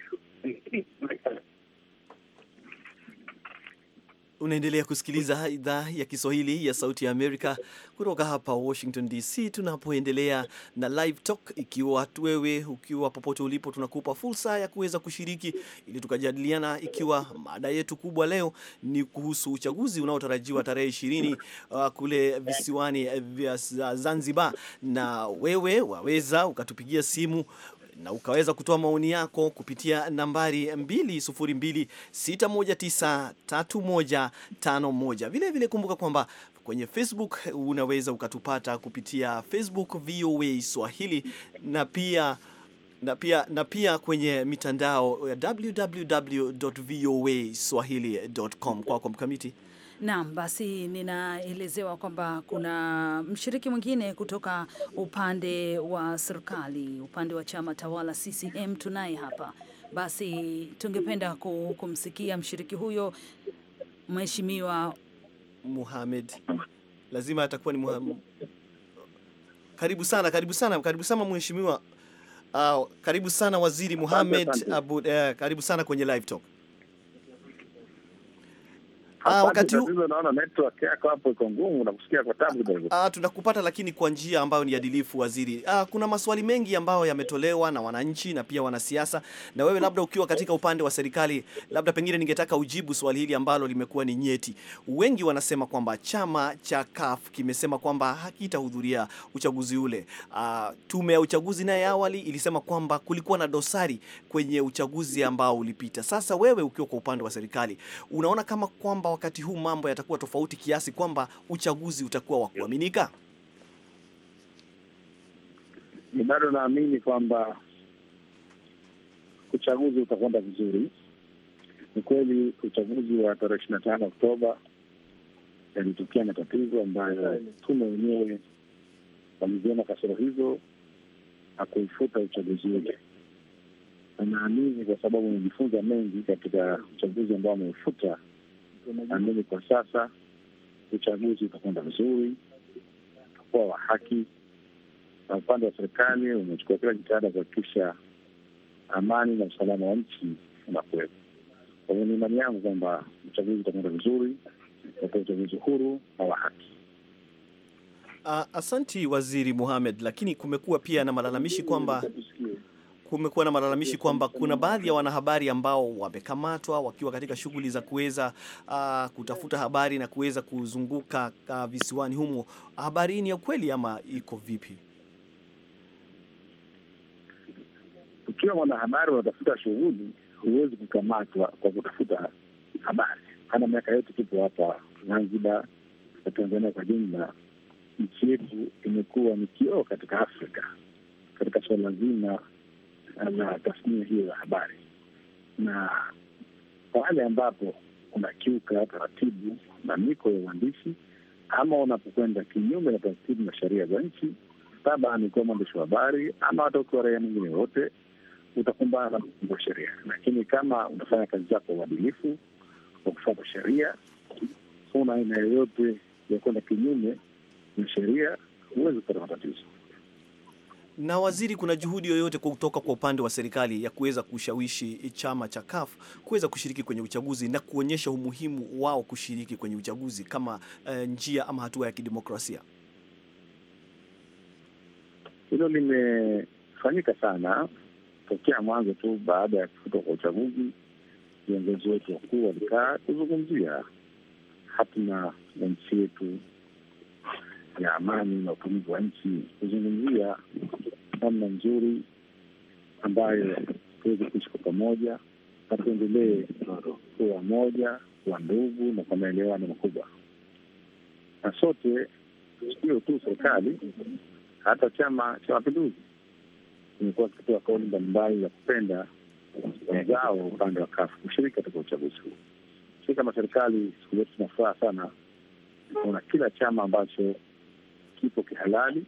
Unaendelea kusikiliza idhaa ya Kiswahili ya Sauti ya Amerika kutoka hapa Washington DC, tunapoendelea na Live Talk, ikiwa wewe ukiwa popote ulipo, tunakupa fursa ya kuweza kushiriki ili tukajadiliana, ikiwa mada yetu kubwa leo ni kuhusu uchaguzi unaotarajiwa tarehe ishirini uh, kule visiwani vya Zanzibar, na wewe waweza ukatupigia simu na ukaweza kutoa maoni yako kupitia nambari 2026193151. Vilevile kumbuka kwamba kwenye Facebook unaweza ukatupata kupitia Facebook VOA Swahili na pia na pia, na pia kwenye mitandao ya www.voaswahili.com. Kwako Mkamiti. Naam, basi ninaelezewa kwamba kuna mshiriki mwingine kutoka upande wa serikali, upande wa chama tawala CCM tunaye hapa. Basi tungependa kumsikia mshiriki huyo Mheshimiwa Muhamed, lazima atakuwa ni Muhamed. Karibu sana, karibu sana, karibu sana mheshimiwa. Uh, karibu sana Waziri Muhamed Abud, uh, karibu sana kwenye live talk. Ah, wakati huu naona network yako hapo iko ngumu na kusikia kwa tabu ah, kidogo. Ah, tunakupata lakini kwa njia ambayo ni adilifu waziri. Ah, kuna maswali mengi ambayo yametolewa na wananchi na pia wanasiasa, na wewe labda ukiwa katika upande wa serikali, labda pengine ningetaka ujibu swali hili ambalo limekuwa ni nyeti. Wengi wanasema kwamba chama cha CAF kimesema kwamba hakitahudhuria uchaguzi ule. Ah, tume ya uchaguzi naye awali ilisema kwamba kulikuwa na dosari kwenye uchaguzi ambao ulipita. Sasa wewe ukiwa kwa upande wa serikali, unaona kama kwamba wakati huu mambo yatakuwa tofauti kiasi kwamba uchaguzi utakuwa wa kuaminika? Ni bado naamini kwamba uchaguzi utakwenda vizuri. Ni kweli uchaguzi wa tarehe ishirini na tano Oktoba yalitokea matatizo ambayo tume wenyewe waliziona kasoro hizo na kuifuta uchaguzi ule, na naamini kwa sababu wamejifunza mengi katika uchaguzi ambao wameufuta na mimi kwa sasa uchaguzi utakwenda vizuri, utakuwa wa haki, na upande wa serikali umechukua kila jitihada kuhakikisha amani na usalama wa nchi unakuwepo. Kwa hiyo ni imani yangu kwamba uchaguzi utakwenda vizuri, utakuwa uchaguzi huru na wa haki. Ah, asanti Waziri muhamed lakini kumekuwa pia na malalamishi kwamba kumekuwa na malalamishi kwamba kuna baadhi ya wanahabari ambao wamekamatwa wakiwa katika shughuli za kuweza uh, kutafuta habari na kuweza kuzunguka uh, visiwani humo. Habari hii ni ya kweli ama iko vipi? Ukiwa wanahabari wanatafuta shughuli, huwezi kukamatwa kwa kutafuta habari. Hana miaka yote tupo hapa Zanzibar na Tanzania kwa jumla, nchi yetu imekuwa ni kioo katika Afrika katika suala zima na tasnia hiyo ya habari, na pale ambapo unakiuka taratibu na miko ya uandishi ama unapokwenda kinyume na taratibu na sheria za nchi, tabani kuwa mwandishi wa habari ama hata ukiwa raia mwingine yoyote, utakumbana na mkumbo wa sheria. Lakini kama unafanya kazi zako kwa uadilifu, kwa kufuata sheria, una aina yoyote ya kwenda kinyume na sheria, huwezi kupata matatizo. Na waziri, kuna juhudi yoyote kutoka kwa upande wa serikali ya kuweza kushawishi chama cha CUF kuweza kushiriki kwenye uchaguzi na kuonyesha umuhimu wao kushiriki kwenye uchaguzi kama uh, njia ama hatua ya kidemokrasia? Hilo limefanyika sana tokea mwanzo tu baada ya kufutwa kwa uchaguzi. Viongozi wetu wakuu walikaa kuzungumzia hatima ya nchi yetu ya amani na utulivu wa nchi, kuzungumzia namna nzuri ambayo tuweze kuishi kwa pamoja na tuendelee kuwa moja, kuwa ndugu na kwa maelewano makubwa, na sote, sio tu serikali, hata Chama cha Mapinduzi kimekuwa kikitoa kauli mbalimbali za kupenda wenzao upande wa kafu kushiriki katika uchaguzi huu. Si kama serikali, siku zote tunafuraha sana kuona kila chama ambacho kipo kihalali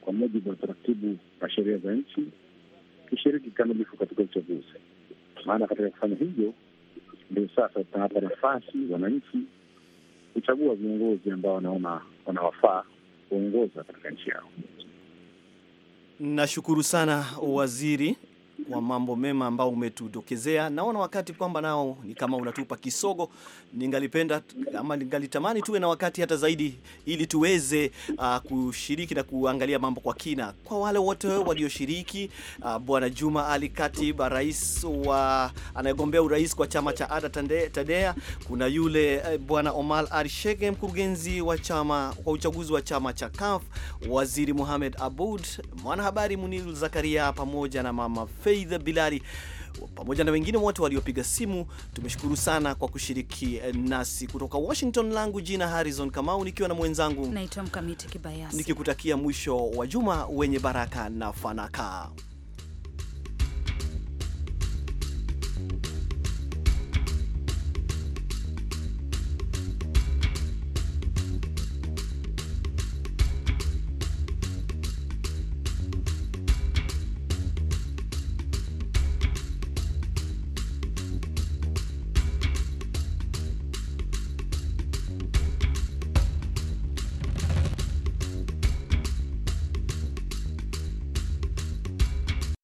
kwa mujibu wa taratibu na sheria za nchi, kishiriki kikamilifu katika uchaguzi. Maana katika kufanya hivyo ndio sasa tunawapa nafasi wananchi kuchagua viongozi ambao wanaona wanawafaa kuongoza katika nchi yao. Nashukuru sana waziri wa mambo mema ambao umetudokezea. Naona wakati kwamba nao ni kama unatupa kisogo. Ningalipenda ama ningalitamani tuwe na wakati hata zaidi, ili tuweze uh, kushiriki na kuangalia mambo kwa kina. Kwa wale wote walioshiriki, uh, Bwana Juma Ali Katib, rais wa anayegombea urais kwa chama cha ADA Tadea, kuna yule uh, Bwana Omar Arshege, mkurugenzi wa chama kwa uchaguzi wa chama cha CUF, waziri Mohamed Abud, mwanahabari Munil Zakaria pamoja na mama Faye Faidha Bilali pamoja na wengine wote waliopiga simu. Tumeshukuru sana kwa kushiriki eh, nasi kutoka Washington. Langu jina Harrison Kamau, nikiwa na mwenzangu naitwa Mkamiti Kibayasi, nikikutakia mwisho wa juma wenye baraka na fanaka.